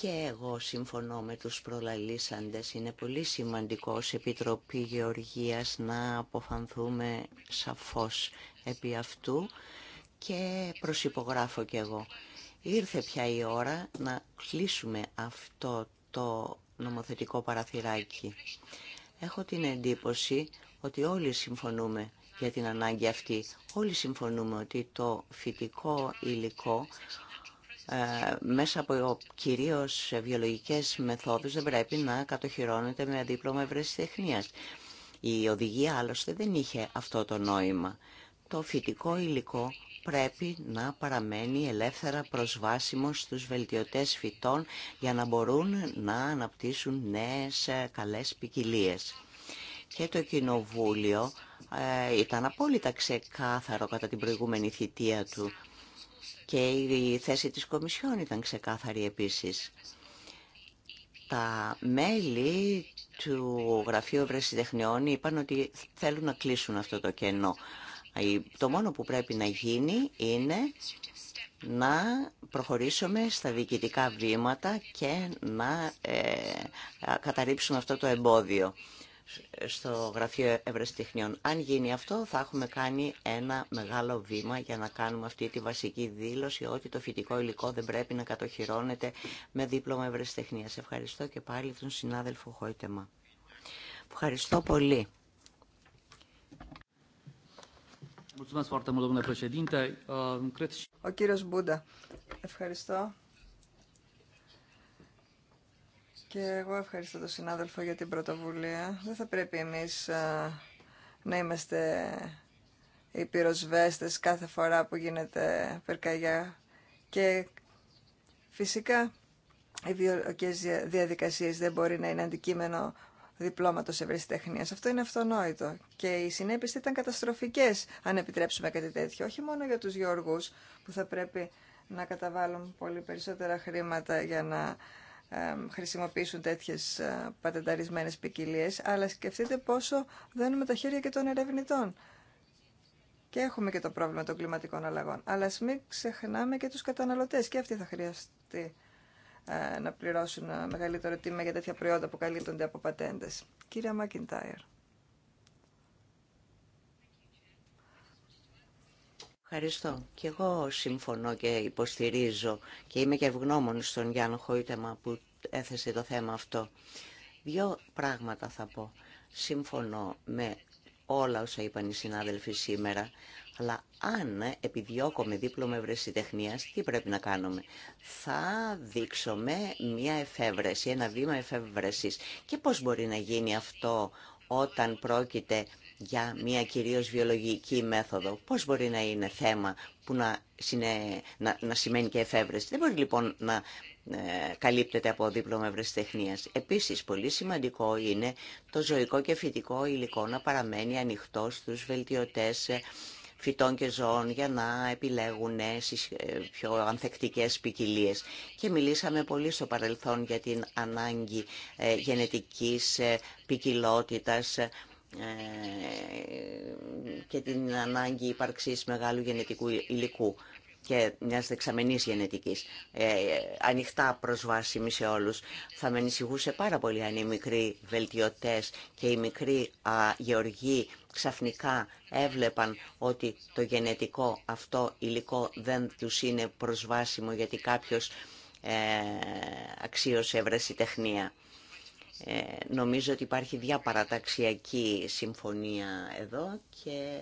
Και εγώ συμφωνώ με τους προλαλήσαντες. Είναι πολύ σημαντικό ως Επιτροπή Γεωργίας να αποφανθούμε σαφώς επί αυτού και προσυπογράφω και εγώ. Ήρθε πια η ώρα να κλείσουμε αυτό το νομοθετικό παραθυράκι. Έχω την εντύπωση ότι όλοι συμφωνούμε για την ανάγκη αυτή. Όλοι συμφωνούμε ότι το φυτικό υλικό ε, μέσα από κυρίως βιολογικές μεθόδους δεν πρέπει να κατοχυρώνεται με δίπλωμα ευρεσιτεχνίας. Η οδηγία άλλωστε δεν είχε αυτό το νόημα. Το φυτικό υλικό πρέπει να παραμένει ελεύθερα προσβάσιμο στους βελτιωτές φυτών για να μπορούν να αναπτύσσουν νέες ε, καλές ποικιλίε. Και το Κοινοβούλιο ε, ήταν απόλυτα ξεκάθαρο κατά την προηγούμενη θητεία του και η θέση της Κομισιόν ήταν ξεκάθαρη επίσης. Τα μέλη του Γραφείου Βρεσιτεχνιών είπαν ότι θέλουν να κλείσουν αυτό το κενό. Το μόνο που πρέπει να γίνει είναι να προχωρήσουμε στα διοικητικά βήματα και να ε, καταρρύψουμε αυτό το εμπόδιο στο Γραφείο Ευρεσιτεχνιών. Αν γίνει αυτό θα έχουμε κάνει ένα μεγάλο βήμα για να κάνουμε αυτή τη βασική δήλωση ότι το φυτικό υλικό δεν πρέπει να κατοχυρώνεται με δίπλωμα ευρεσιτεχνίας. Ευχαριστώ και πάλι τον συνάδελφο Χόιτεμα. Ευχαριστώ πολύ. Ο κύριο Μπούντα, ευχαριστώ. Και εγώ ευχαριστώ τον συνάδελφο για την πρωτοβουλία. Δεν θα πρέπει εμείς ε, να είμαστε οι κάθε φορά που γίνεται περκαγιά. Και φυσικά οι διαδικασίες δεν μπορεί να είναι αντικείμενο διπλώματος ευρεσιτεχνία. Αυτό είναι αυτονόητο. Και οι συνέπειες ήταν καταστροφικές αν επιτρέψουμε κάτι τέτοιο. Όχι μόνο για τους Γιώργους, που θα πρέπει να καταβάλουν πολύ περισσότερα χρήματα για να χρησιμοποιήσουν τέτοιες ε, πατενταρισμένες ποικιλίε, αλλά σκεφτείτε πόσο δένουμε τα χέρια και των ερευνητών. Και έχουμε και το πρόβλημα των κλιματικών αλλαγών. Αλλά ας μην ξεχνάμε και τους καταναλωτές. Και αυτοί θα χρειαστεί ε, να πληρώσουν μεγαλύτερο τίμημα για τέτοια προϊόντα που καλύπτονται από πατέντες. Κύριε Μακιντάιρ. Ευχαριστώ. Κι εγώ συμφωνώ και υποστηρίζω και είμαι και ευγνώμων στον Γιάννο Χοίτεμα που έθεσε το θέμα αυτό. Δύο πράγματα θα πω. Συμφωνώ με όλα όσα είπαν οι συνάδελφοι σήμερα, αλλά αν με δίπλωμα ευρεσιτεχνία, τι πρέπει να κάνουμε. Θα δείξουμε μια εφεύρεση, ένα βήμα εφεύρεσης. Και πώς μπορεί να γίνει αυτό όταν πρόκειται για μια κυρίως βιολογική μέθοδο. Πώς μπορεί να είναι θέμα που να, συνε... να, σημαίνει και εφεύρεση. Δεν μπορεί λοιπόν να ε, καλύπτεται από δίπλωμα ευρεσιτεχνίας. Επίσης, πολύ σημαντικό είναι το ζωικό και φυτικό υλικό να παραμένει ανοιχτό στους βελτιωτές ε, φυτών και ζώων για να επιλέγουν ε, στις ε, πιο ανθεκτικές ποικιλίε. Και μιλήσαμε πολύ στο παρελθόν για την ανάγκη ε, γενετικής ποικιλότητα και την ανάγκη ύπαρξης μεγάλου γενετικού υλικού και μιας δεξαμενής γενετικής ε, ανοιχτά προσβάσιμη σε όλους. Θα με ανησυχούσε πάρα πολύ αν οι μικροί βελτιωτές και οι μικροί γεωργοί ξαφνικά έβλεπαν ότι το γενετικό αυτό υλικό δεν τους είναι προσβάσιμο γιατί κάποιος ε, αξίωσε ευρεσιτεχνία. Ε, νομίζω ότι υπάρχει διαπαραταξιακή συμφωνία εδώ και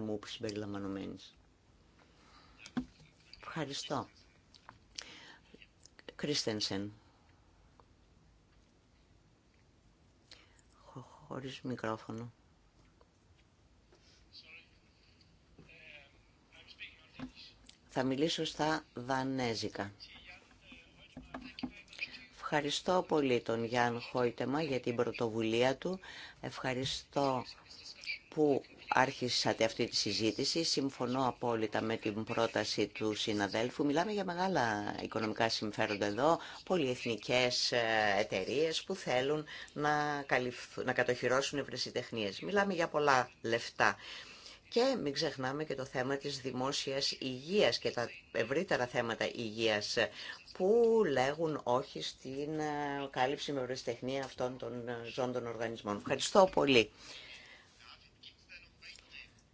μου που Ευχαριστώ. Κρίστενσεν. Χωρίς μικρόφωνο. Θα μιλήσω στα δανέζικα. Ευχαριστώ πολύ τον Γιάνν Χόιτεμα για την πρωτοβουλία του. Ευχαριστώ που άρχισατε αυτή τη συζήτηση. Συμφωνώ απόλυτα με την πρόταση του συναδέλφου. Μιλάμε για μεγάλα οικονομικά συμφέροντα εδώ, πολυεθνικές ε, εταιρείε που θέλουν να, να κατοχυρώσουν ευρεσιτεχνίες. Μιλάμε για πολλά λεφτά. Και μην ξεχνάμε και το θέμα της δημόσιας υγείας και τα ευρύτερα θέματα υγείας που λέγουν όχι στην ε, κάλυψη με ευρεσιτεχνία αυτών των ε, ζώντων οργανισμών. Ευχαριστώ πολύ.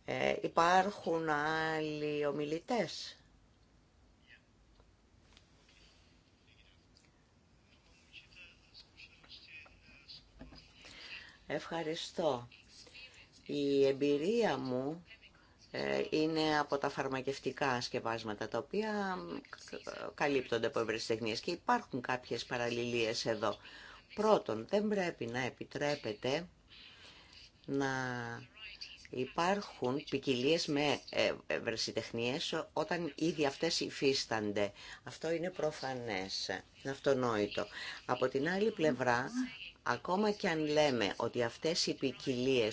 Ε, υπάρχουν άλλοι ομιλητές. Ευχαριστώ. Η εμπειρία μου ε, είναι από τα φαρμακευτικά σκευάσματα τα οποία ε, καλύπτονται από ευρεσιτεχνίες και υπάρχουν κάποιες παραλληλίες εδώ. Πρώτον, δεν πρέπει να επιτρέπεται να Υπάρχουν ποικιλίε με βρεσιτεχνίες ε, όταν ήδη αυτές υφίστανται. Αυτό είναι προφανές, είναι αυτονόητο. Από την άλλη πλευρά, ακόμα και αν λέμε ότι αυτές οι ποικιλίε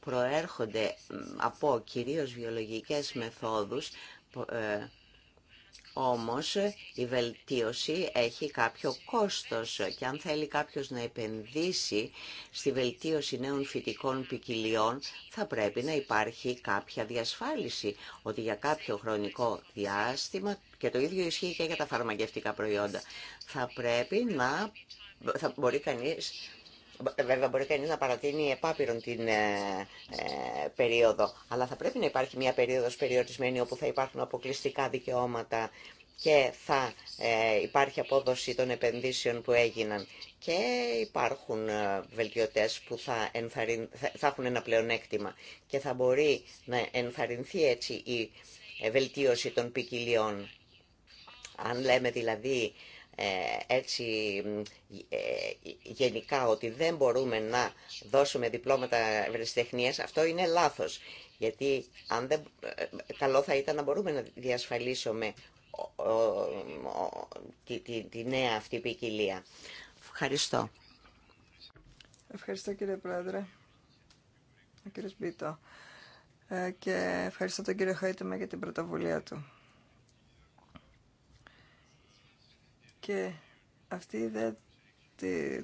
προέρχονται από κυρίως βιολογικές μεθόδους, ε, όμως η βελτίωση έχει κάποιο κόστος και αν θέλει κάποιος να επενδύσει στη βελτίωση νέων φυτικών ποικιλιών θα πρέπει να υπάρχει κάποια διασφάλιση ότι για κάποιο χρονικό διάστημα και το ίδιο ισχύει και για τα φαρμακευτικά προϊόντα θα πρέπει να θα μπορεί κανείς Βέβαια μπορεί κανείς να παρατείνει επάπειρον την ε, ε, περίοδο, αλλά θα πρέπει να υπάρχει μια περίοδος περιορισμένη όπου θα υπάρχουν αποκλειστικά δικαιώματα και θα ε, υπάρχει απόδοση των επενδύσεων που έγιναν και υπάρχουν ε, βελτιωτές που θα, θα, έχουν ένα πλεονέκτημα και θα μπορεί να ενθαρρυνθεί έτσι η ε, βελτίωση των ποικιλιών. Αν λέμε δηλαδή ε, έτσι ε, γενικά ότι δεν μπορούμε να δώσουμε διπλώματα ευρεσιτεχνίας, αυτό είναι λάθος. Γιατί αν δεν, ε, καλό θα ήταν να μπορούμε να διασφαλίσουμε τη, τη, τη νέα αυτή ποικιλία. Ευχαριστώ. Ευχαριστώ κύριε Πρόεδρε, ο κύριος Μπίτο. Και ευχαριστώ τον κύριο Χαϊτομα για την πρωτοβουλία του. Και αυτή η ιδέα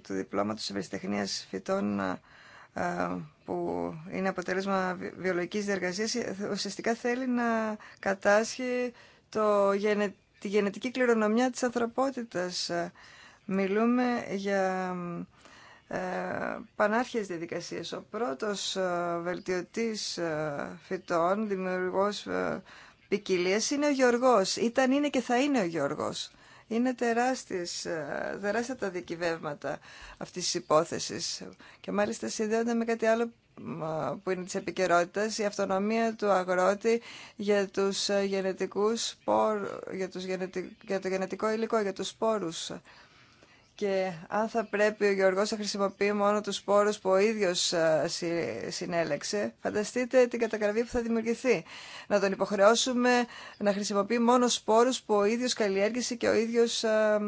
του διπλώματος ευρεσιτεχνίας φυτών που είναι αποτέλεσμα βιολογικής διεργασίας ε, ουσιαστικά θέλει να κατάσχει το, τη γενετική κληρονομιά της ανθρωπότητας. Μιλούμε για ε, πανάρχες διαδικασίες. Ο πρώτος ε, βελτιωτής ε, φυτών, δημιουργός ε, ποικιλία είναι ο Γιώργος. Ήταν, είναι και θα είναι ο Γιώργος. Είναι τεράστιες, ε, τεράστια τα δικηβεύματα αυτής της υπόθεσης και μάλιστα συνδέονται με κάτι άλλο που είναι της επικαιρότητα, η αυτονομία του αγρότη για, τους ε, γενετικούς για, τους για το γενετικό υλικό, για τους σπόρους και αν θα πρέπει ο Γεωργός να χρησιμοποιεί μόνο τους σπόρους που ο ίδιος ε, συνέλεξε, φανταστείτε την καταγραφή που θα δημιουργηθεί. Να τον υποχρεώσουμε να χρησιμοποιεί μόνο σπόρους που ο ίδιος καλλιέργησε και ο ίδιος ε,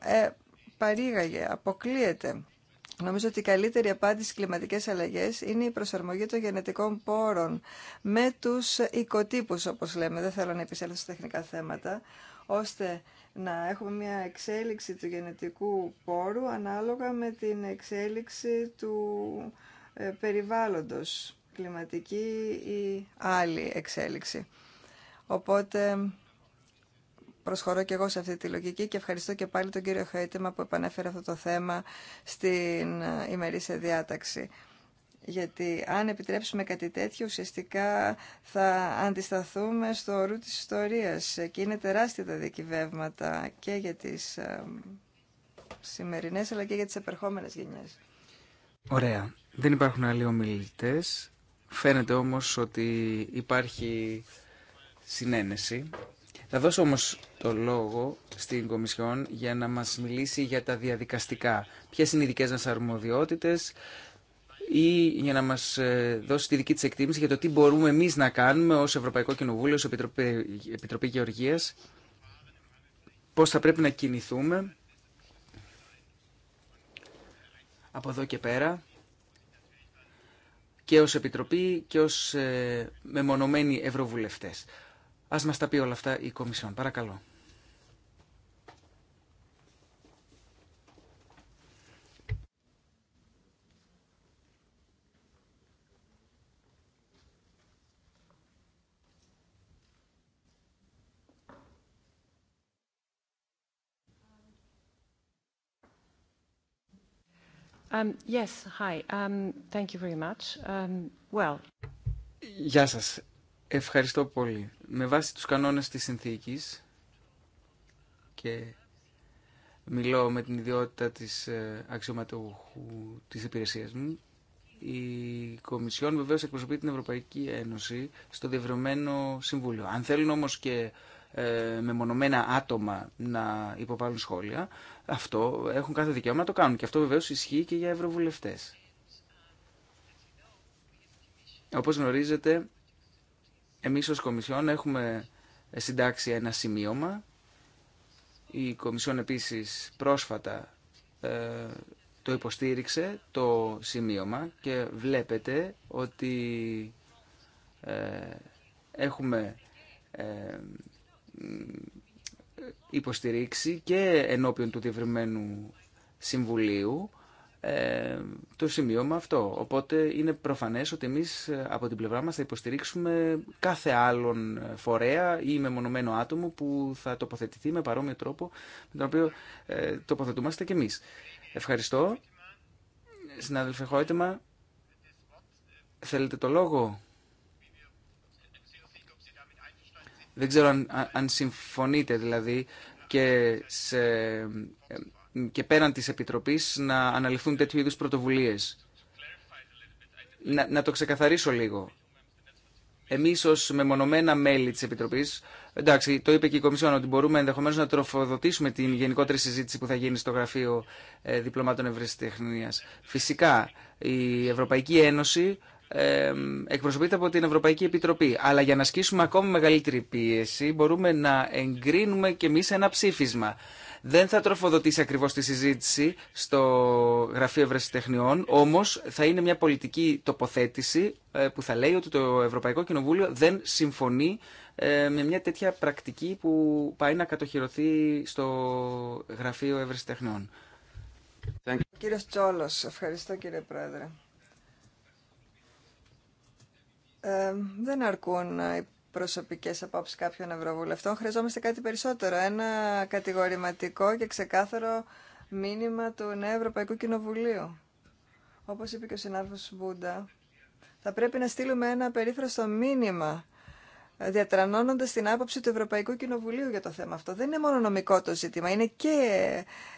ε, παρήγαγε, αποκλείεται. Νομίζω ότι η καλύτερη απάντηση στις κλιματικές αλλαγές είναι η προσαρμογή των γενετικών πόρων με τους οικοτύπους, όπως λέμε, δεν θέλω να επισέλθω σε τεχνικά θέματα, ώστε να έχουμε μια εξέλιξη του γενετικού πόρου ανάλογα με την εξέλιξη του ε, περιβάλλοντος, κλιματική ή άλλη εξέλιξη. Οπότε προσχωρώ και εγώ σε αυτή τη λογική και ευχαριστώ και πάλι τον κύριο Χαίτημα που επανέφερε αυτό το θέμα στην ε, ημερήσια διάταξη γιατί αν επιτρέψουμε κάτι τέτοιο ουσιαστικά θα αντισταθούμε στο ορού της ιστορίας και είναι τεράστια τα δικηβεύματα και για τις ε, σημερινές αλλά και για τις επερχόμενες γενιές. Ωραία. Δεν υπάρχουν άλλοι ομιλητές. Φαίνεται όμως ότι υπάρχει συνένεση. Θα δώσω όμως το λόγο στην Κομισιόν για να μας μιλήσει για τα διαδικαστικά. Ποιες είναι οι δικές μας αρμοδιότητες, ή για να μας ε, δώσει τη δική της εκτίμηση για το τι μπορούμε εμείς να κάνουμε ως Ευρωπαϊκό Κοινοβούλιο, ως Επιτροπή, Επιτροπή Γεωργίας, πώς θα πρέπει να κινηθούμε από εδώ και πέρα και ως Επιτροπή και ως ε, μεμονωμένοι Ευρωβουλευτές. Ας μας τα πει όλα αυτά η Κομισιόν. Παρακαλώ. Um, yes, hi. Um, thank um, Γεια σας. Ευχαριστώ πολύ. Με βάση τους κανόνες της συνθήκης και μιλώ με την ιδιότητα της ε, αξιωματούχου της υπηρεσίας μου, η Κομισιόν βεβαίως εκπροσωπεί την Ευρωπαϊκή Ένωση στο Διευρωμένο Συμβούλιο. Αν θέλουν όμως και ε, μεμονωμένα άτομα να υποβάλουν σχόλια. Αυτό έχουν κάθε δικαίωμα να το κάνουν. Και αυτό βεβαίω ισχύει και για ευρωβουλευτέ. Όπω γνωρίζετε, εμεί ω Κομισιόν έχουμε συντάξει ένα σημείωμα. Η Κομισιόν επίσης πρόσφατα ε, το υποστήριξε το σημείωμα και βλέπετε ότι ε, έχουμε υποστηρίξει και ενώπιον του διευρυμένου συμβουλίου ε, το σημείωμα αυτό. Οπότε είναι προφανές ότι εμείς ε, από την πλευρά μας θα υποστηρίξουμε κάθε άλλον ε, φορέα ή μεμονωμένο άτομο που θα τοποθετηθεί με παρόμοιο τρόπο με τον οποίο τοποθετούμαστε και εμείς. Ευχαριστώ. Συνάδελφε Χόιτεμα, θέλετε το λόγο. Δεν ξέρω αν, συμφωνείτε δηλαδή και, σε, και πέραν της Επιτροπής να αναλυθούν τέτοιου είδους πρωτοβουλίες. Να, να το ξεκαθαρίσω λίγο. Εμείς ως μεμονωμένα μέλη τη Επιτροπή, εντάξει, το είπε και η Κομισιόν ότι μπορούμε ενδεχομένως να τροφοδοτήσουμε την γενικότερη συζήτηση που θα γίνει στο Γραφείο ε, Διπλωμάτων Ευρεσιτεχνία. Φυσικά, η Ευρωπαϊκή Ένωση εκπροσωπείται από την Ευρωπαϊκή Επιτροπή. Αλλά για να ασκήσουμε ακόμη μεγαλύτερη πίεση μπορούμε να εγκρίνουμε και εμεί ένα ψήφισμα. Δεν θα τροφοδοτήσει ακριβώς τη συζήτηση στο Γραφείο Ευρεσιτεχνιών, όμως θα είναι μια πολιτική τοποθέτηση ε, που θα λέει ότι το Ευρωπαϊκό Κοινοβούλιο δεν συμφωνεί ε, με μια τέτοια πρακτική που πάει να κατοχυρωθεί στο Γραφείο Ευρεσιτεχνιών. Κύριε Τσόλος, ευχαριστώ κύριε Πρόεδρε. Ε, δεν αρκούν ε, οι προσωπικές απόψεις κάποιων ευρωβουλευτών. Χρειαζόμαστε κάτι περισσότερο, ένα κατηγορηματικό και ξεκάθαρο μήνυμα του Νέου Ευρωπαϊκού Κοινοβουλίου. Όπως είπε και ο συνάδελφος Μπούντα, θα πρέπει να στείλουμε ένα περίφραστο μήνυμα ε, διατρανώνοντα την άποψη του Ευρωπαϊκού Κοινοβουλίου για το θέμα αυτό. Δεν είναι μόνο νομικό το ζήτημα, είναι και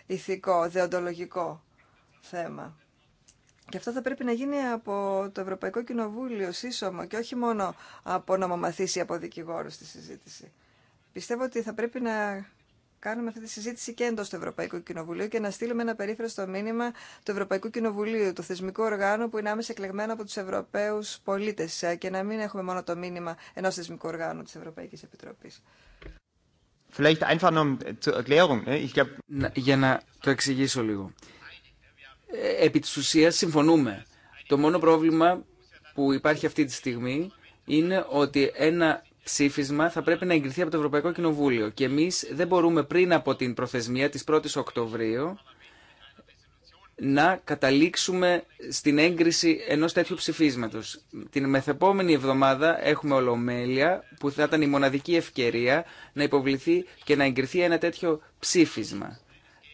ηθικό, δεοντολογικό θέμα. Και αυτό θα πρέπει να γίνει από το Ευρωπαϊκό Κοινοβούλιο σύσσωμο και όχι μόνο από νομομαθήσει από δικηγόρους στη συζήτηση. Πιστεύω ότι θα πρέπει να κάνουμε αυτή τη συζήτηση και εντό του Ευρωπαϊκού Κοινοβουλίου και να στείλουμε ένα περίφραστο μήνυμα του Ευρωπαϊκού Κοινοβουλίου, του θεσμικού οργάνου που είναι άμεσα εκλεγμένο από του Ευρωπαίου πολίτε και να μην έχουμε μόνο το μήνυμα ενό θεσμικού οργάνου τη Ευρωπαϊκή Επιτροπή. Για να το εξηγήσω λίγο. Ε, επί της ουσίας συμφωνούμε. Το μόνο πρόβλημα που υπάρχει αυτή τη στιγμή είναι ότι ένα ψήφισμα θα πρέπει να εγκριθεί από το Ευρωπαϊκό Κοινοβούλιο και εμείς δεν μπορούμε πριν από την προθεσμία της 1ης Οκτωβρίου να καταλήξουμε στην έγκριση ενός τέτοιου ψηφίσματος. Την μεθεπόμενη εβδομάδα έχουμε ολομέλεια που θα ήταν η μοναδική ευκαιρία να υποβληθεί και να εγκριθεί ένα τέτοιο ψήφισμα.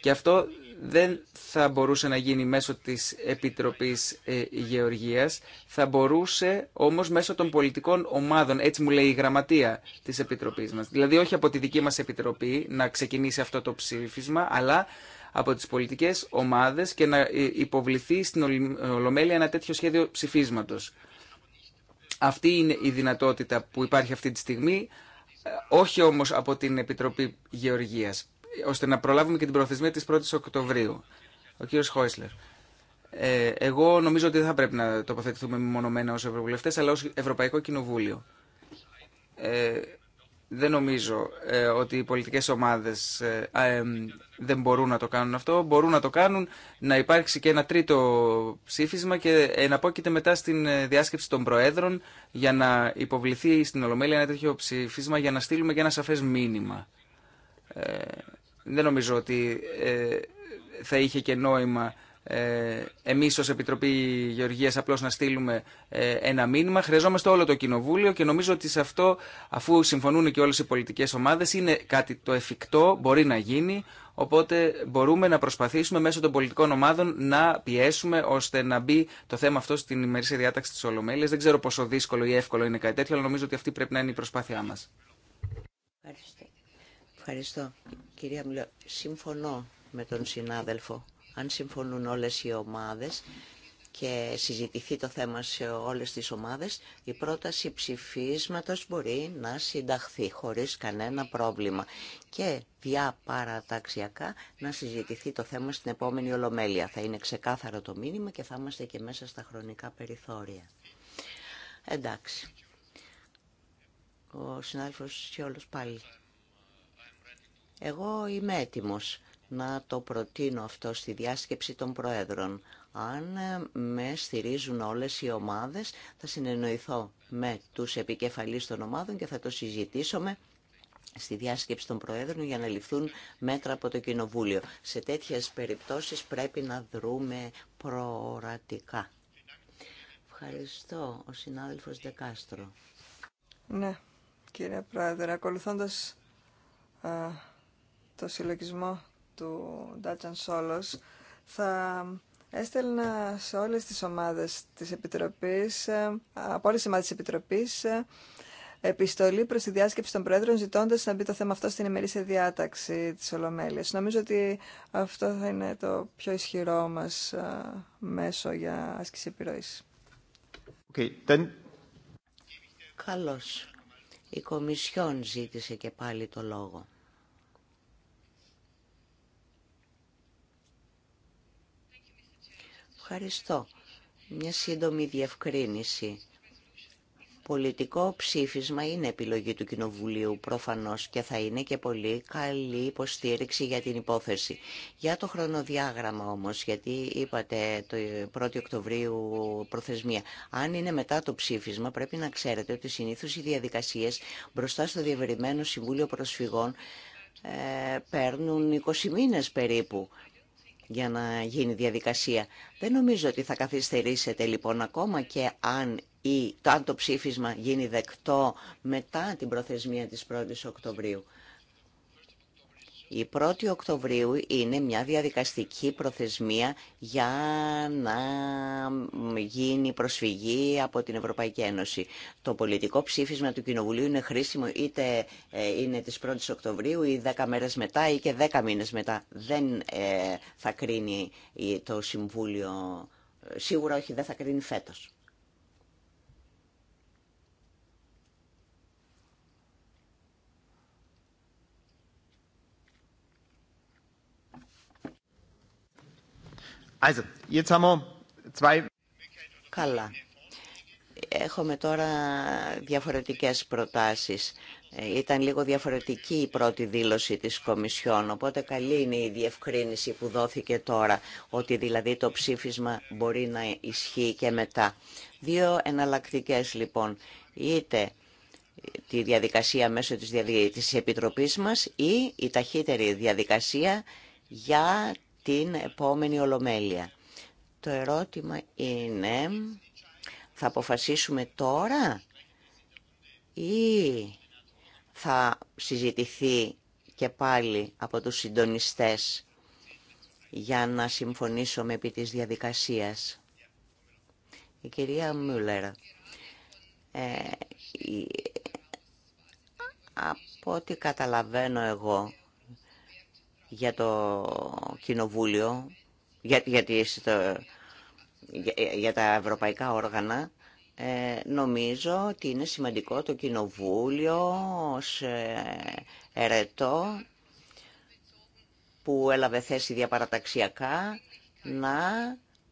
Και αυτό δεν θα μπορούσε να γίνει μέσω της Επιτροπής ε, Γεωργίας, θα μπορούσε όμως μέσω των πολιτικών ομάδων, έτσι μου λέει η γραμματεία της Επιτροπής μας. Δηλαδή όχι από τη δική μας Επιτροπή να ξεκινήσει αυτό το ψήφισμα, αλλά από τις πολιτικές ομάδες και να ε, υποβληθεί στην Ολομέλεια ένα τέτοιο σχέδιο ψηφίσματος. Αυτή είναι η δυνατότητα που υπάρχει αυτή τη στιγμή, ε, όχι όμως από την Επιτροπή Γεωργίας ώστε να προλάβουμε και την προθεσμία τη 1 η Οκτωβρίου. Ο κύριο Χόισλερ. Ε, εγώ νομίζω ότι δεν θα πρέπει να τοποθετηθούμε μονομένα ως Ευρωβουλευτές, αλλά ως Ευρωπαϊκό Κοινοβούλιο. Ε, δεν νομίζω ε, ότι οι πολιτικές ομάδες ε, ε, δεν μπορούν να το κάνουν αυτό. Μπορούν να το κάνουν, να υπάρξει και ένα τρίτο ψήφισμα και εναπόκειται μετά στην ε, διάσκεψη των Προέδρων για να υποβληθεί στην Ολομέλεια ένα τέτοιο ψήφισμα για να στείλουμε και ένα σαφές μήνυμα. Ε, δεν νομίζω ότι ε, θα είχε και νόημα ε, εμείς ως Επιτροπή Γεωργίας απλώς να στείλουμε ε, ένα μήνυμα. Χρειαζόμαστε όλο το Κοινοβούλιο και νομίζω ότι σε αυτό, αφού συμφωνούν και όλες οι πολιτικές ομάδες, είναι κάτι το εφικτό, μπορεί να γίνει, οπότε μπορούμε να προσπαθήσουμε μέσω των πολιτικών ομάδων να πιέσουμε ώστε να μπει το θέμα αυτό στην ημερήσια διάταξη της Ολομέλειας. Δεν ξέρω πόσο δύσκολο ή εύκολο είναι κάτι τέτοιο, αλλά νομίζω ότι αυτή πρέπει να είναι η προσπάθειά μας. Ευχαριστώ. Κυρία Μιλό, συμφωνώ με τον συνάδελφο. Αν συμφωνούν όλες οι ομάδες και συζητηθεί το θέμα σε όλες τις ομάδες, η πρόταση ψηφίσματος μπορεί να συνταχθεί χωρίς κανένα πρόβλημα και διαπαραταξιακά να συζητηθεί το θέμα στην επόμενη Ολομέλεια. Θα είναι ξεκάθαρο το μήνυμα και θα είμαστε και μέσα στα χρονικά περιθώρια. Εντάξει. Ο συνάδελφος Σιόλος πάλι. Εγώ είμαι έτοιμος να το προτείνω αυτό στη διάσκεψη των Προέδρων. Αν ε, με στηρίζουν όλες οι ομάδες, θα συνεννοηθώ με τους επικεφαλείς των ομάδων και θα το συζητήσουμε στη διάσκεψη των Προέδρων για να ληφθούν μέτρα από το Κοινοβούλιο. Σε τέτοιες περιπτώσεις πρέπει να δρούμε προορατικά. Ευχαριστώ, ο συνάδελφος Δεκάστρο. Ναι, κύριε Πρόεδρε, ακολουθώντας το συλλογισμό του Dutch Solos θα έστελνα σε όλες τις ομάδες της Επιτροπής, ε, από όλες τις ομάδες της Επιτροπής, ε, επιστολή προς τη διάσκεψη των Πρόεδρων ζητώντας να μπει το θέμα αυτό στην ημερήσια διάταξη της Ολομέλειας. Νομίζω ότι αυτό θα είναι το πιο ισχυρό μας ε, μέσο για άσκηση επιρροής. Okay, Καλώς. Η Κομισιόν ζήτησε και πάλι το λόγο. Ευχαριστώ. Μια σύντομη διευκρίνηση. Πολιτικό ψήφισμα είναι επιλογή του Κοινοβουλίου προφανώς και θα είναι και πολύ καλή υποστήριξη για την υπόθεση. Για το χρονοδιάγραμμα όμως, γιατί είπατε το 1η Οκτωβρίου προθεσμία, αν είναι μετά το ψήφισμα πρέπει να ξέρετε ότι συνήθως οι διαδικασίες μπροστά στο Διευρυμένο Συμβούλιο Προσφυγών ε, παίρνουν 20 μήνες περίπου για να γίνει διαδικασία. Δεν νομίζω ότι θα καθυστερήσετε λοιπόν ακόμα και αν, ή, το, το ψήφισμα γίνει δεκτό μετά την προθεσμία της 1ης Οκτωβρίου. Η 1η Οκτωβρίου είναι μια διαδικαστική προθεσμία για να γίνει προσφυγή από την Ευρωπαϊκή Ένωση. Το πολιτικό ψήφισμα του Κοινοβουλίου είναι χρήσιμο είτε ε, είναι της 1 η Οκτωβρίου ή 10 μέρες μετά ή και 10 μήνες μετά. Δεν ε, θα κρίνει το Συμβούλιο, ε, σίγουρα όχι δεν θα κρίνει φέτος. jetzt Καλά. Έχουμε τώρα διαφορετικές προτάσεις. Ε, ήταν λίγο διαφορετική η πρώτη δήλωση της Κομισιόν, οπότε καλή είναι η διευκρίνηση που δόθηκε τώρα, ότι δηλαδή το ψήφισμα μπορεί να ισχύει και μετά. Δύο εναλλακτικές λοιπόν, είτε τη διαδικασία μέσω της, της Επιτροπής μας ή η ταχύτερη διαδικασία για την επόμενη Ολομέλεια. Το ερώτημα είναι, θα αποφασίσουμε τώρα ή θα συζητηθεί και πάλι από τους συντονιστές για να συμφωνήσουμε επί της διαδικασίας. Η κυρία Μούλερ, ε, από ό,τι καταλαβαίνω εγώ, για το κοινοβούλιο, για, για, για, τα ευρωπαϊκά όργανα, ε, νομίζω ότι είναι σημαντικό το κοινοβούλιο ως ερετό που έλαβε θέση διαπαραταξιακά να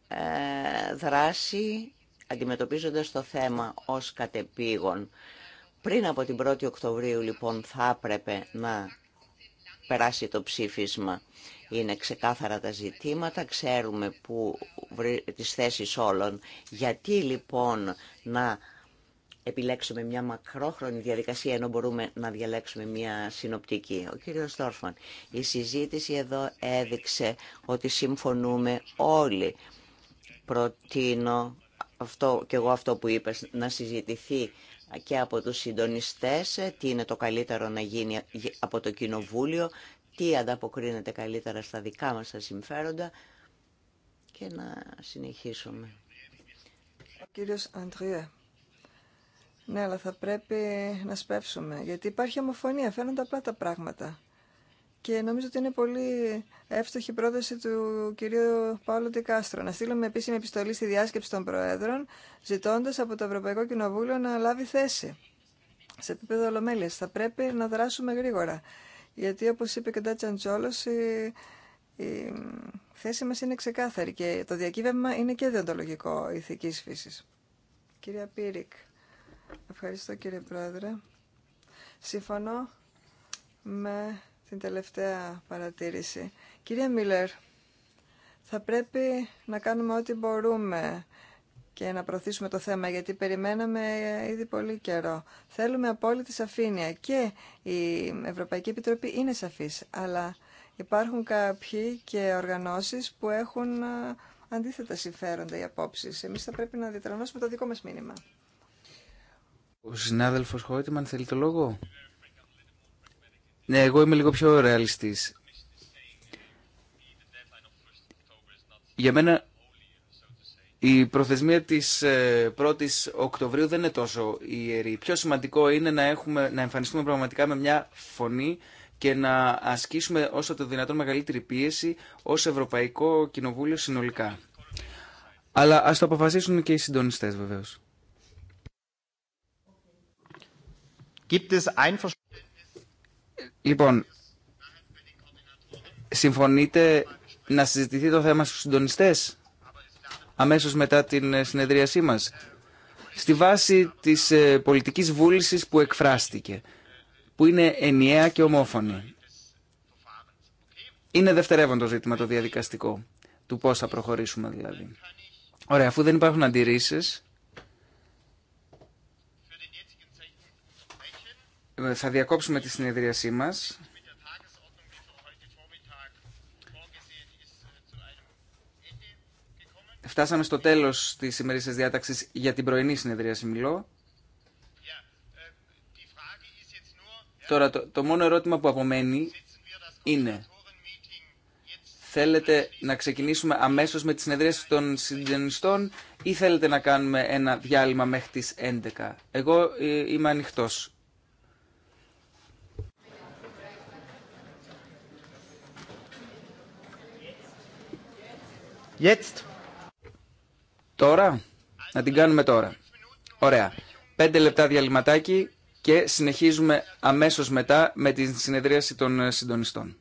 ε, δράσει αντιμετωπίζοντας το θέμα ως κατεπήγον. Πριν από την 1η Οκτωβρίου λοιπόν θα έπρεπε να περάσει το ψήφισμα. Είναι ξεκάθαρα τα ζητήματα, ξέρουμε που, τις θέσεις όλων. Γιατί λοιπόν να επιλέξουμε μια μακρόχρονη διαδικασία ενώ μπορούμε να διαλέξουμε μια συνοπτική. Ο κύριος Στόρφαν, η συζήτηση εδώ έδειξε ότι συμφωνούμε όλοι. Προτείνω αυτό και εγώ αυτό που είπες να συζητηθεί και από τους συντονιστές ε, τι είναι το καλύτερο να γίνει από το Κοινοβούλιο, τι ανταποκρίνεται καλύτερα στα δικά μας τα συμφέροντα και να συνεχίσουμε. Κύριο κύριος Αντριέ. Ναι, αλλά θα πρέπει να σπεύσουμε, γιατί υπάρχει ομοφωνία, φαίνονται απλά τα πράγματα. Και νομίζω ότι είναι πολύ εύστοχη πρόταση του κυρίου Παύλου Τικάστρο να στείλουμε επίσημη επιστολή στη διάσκεψη των Προέδρων, ζητώντα από το Ευρωπαϊκό Κοινοβούλιο να λάβει θέση σε επίπεδο ολομέλεια. Θα πρέπει να δράσουμε γρήγορα. Γιατί, όπω είπε και ο Ντάτσαν η, θέση μα είναι ξεκάθαρη και το διακύβευμα είναι και διοντολογικό ηθική φύση. Κυρία Πίρικ. ευχαριστώ κύριε Πρόεδρε. Συμφωνώ με την τελευταία παρατήρηση. Κυρία Μίλλερ, θα πρέπει να κάνουμε ό,τι μπορούμε και να προωθήσουμε το θέμα, γιατί περιμέναμε ήδη πολύ καιρό. Θέλουμε απόλυτη σαφήνεια και η Ευρωπαϊκή Επιτροπή είναι σαφής, αλλά υπάρχουν κάποιοι και οργανώσεις που έχουν αντίθετα συμφέροντα οι απόψει. Εμείς θα πρέπει να διατρανώσουμε το δικό μας μήνυμα. Ο συνάδελφος Χόιτμαν θέλει το λόγο. Ναι, εγώ είμαι λίγο πιο ρεαλιστής. Για μένα η προθεσμία της 1ης ε, Οκτωβρίου δεν είναι τόσο ιερή. Πιο σημαντικό είναι να, έχουμε, να εμφανιστούμε πραγματικά με μια φωνή και να ασκήσουμε όσο το δυνατόν μεγαλύτερη πίεση ως Ευρωπαϊκό Κοινοβούλιο συνολικά. Αλλά ας το αποφασίσουν και οι συντονιστές βεβαίως. Λοιπόν, συμφωνείτε να συζητηθεί το θέμα στους συντονιστές αμέσως μετά την ε, συνεδρίασή μας στη βάση της ε, πολιτικής βούλησης που εκφράστηκε που είναι ενιαία και ομόφωνη. Είναι δευτερεύοντο ζήτημα το διαδικαστικό του πώς θα προχωρήσουμε δηλαδή. Ωραία, αφού δεν υπάρχουν αντιρρήσεις θα διακόψουμε τη συνεδρίασή μας. Φτάσαμε στο τέλος της σημερινής διάταξης για την πρωινή συνεδρίαση μιλώ. Τώρα το, μόνο ερώτημα που απομένει είναι θέλετε να ξεκινήσουμε αμέσως με τη συνεδρίαση των συντενιστών ή θέλετε να κάνουμε ένα διάλειμμα μέχρι τις 11. Εγώ ε, είμαι ανοιχτός Τώρα. Να την κάνουμε τώρα. Ωραία. Πέντε λεπτά διαλυματάκι και συνεχίζουμε αμέσως μετά με τη συνεδρίαση των συντονιστών.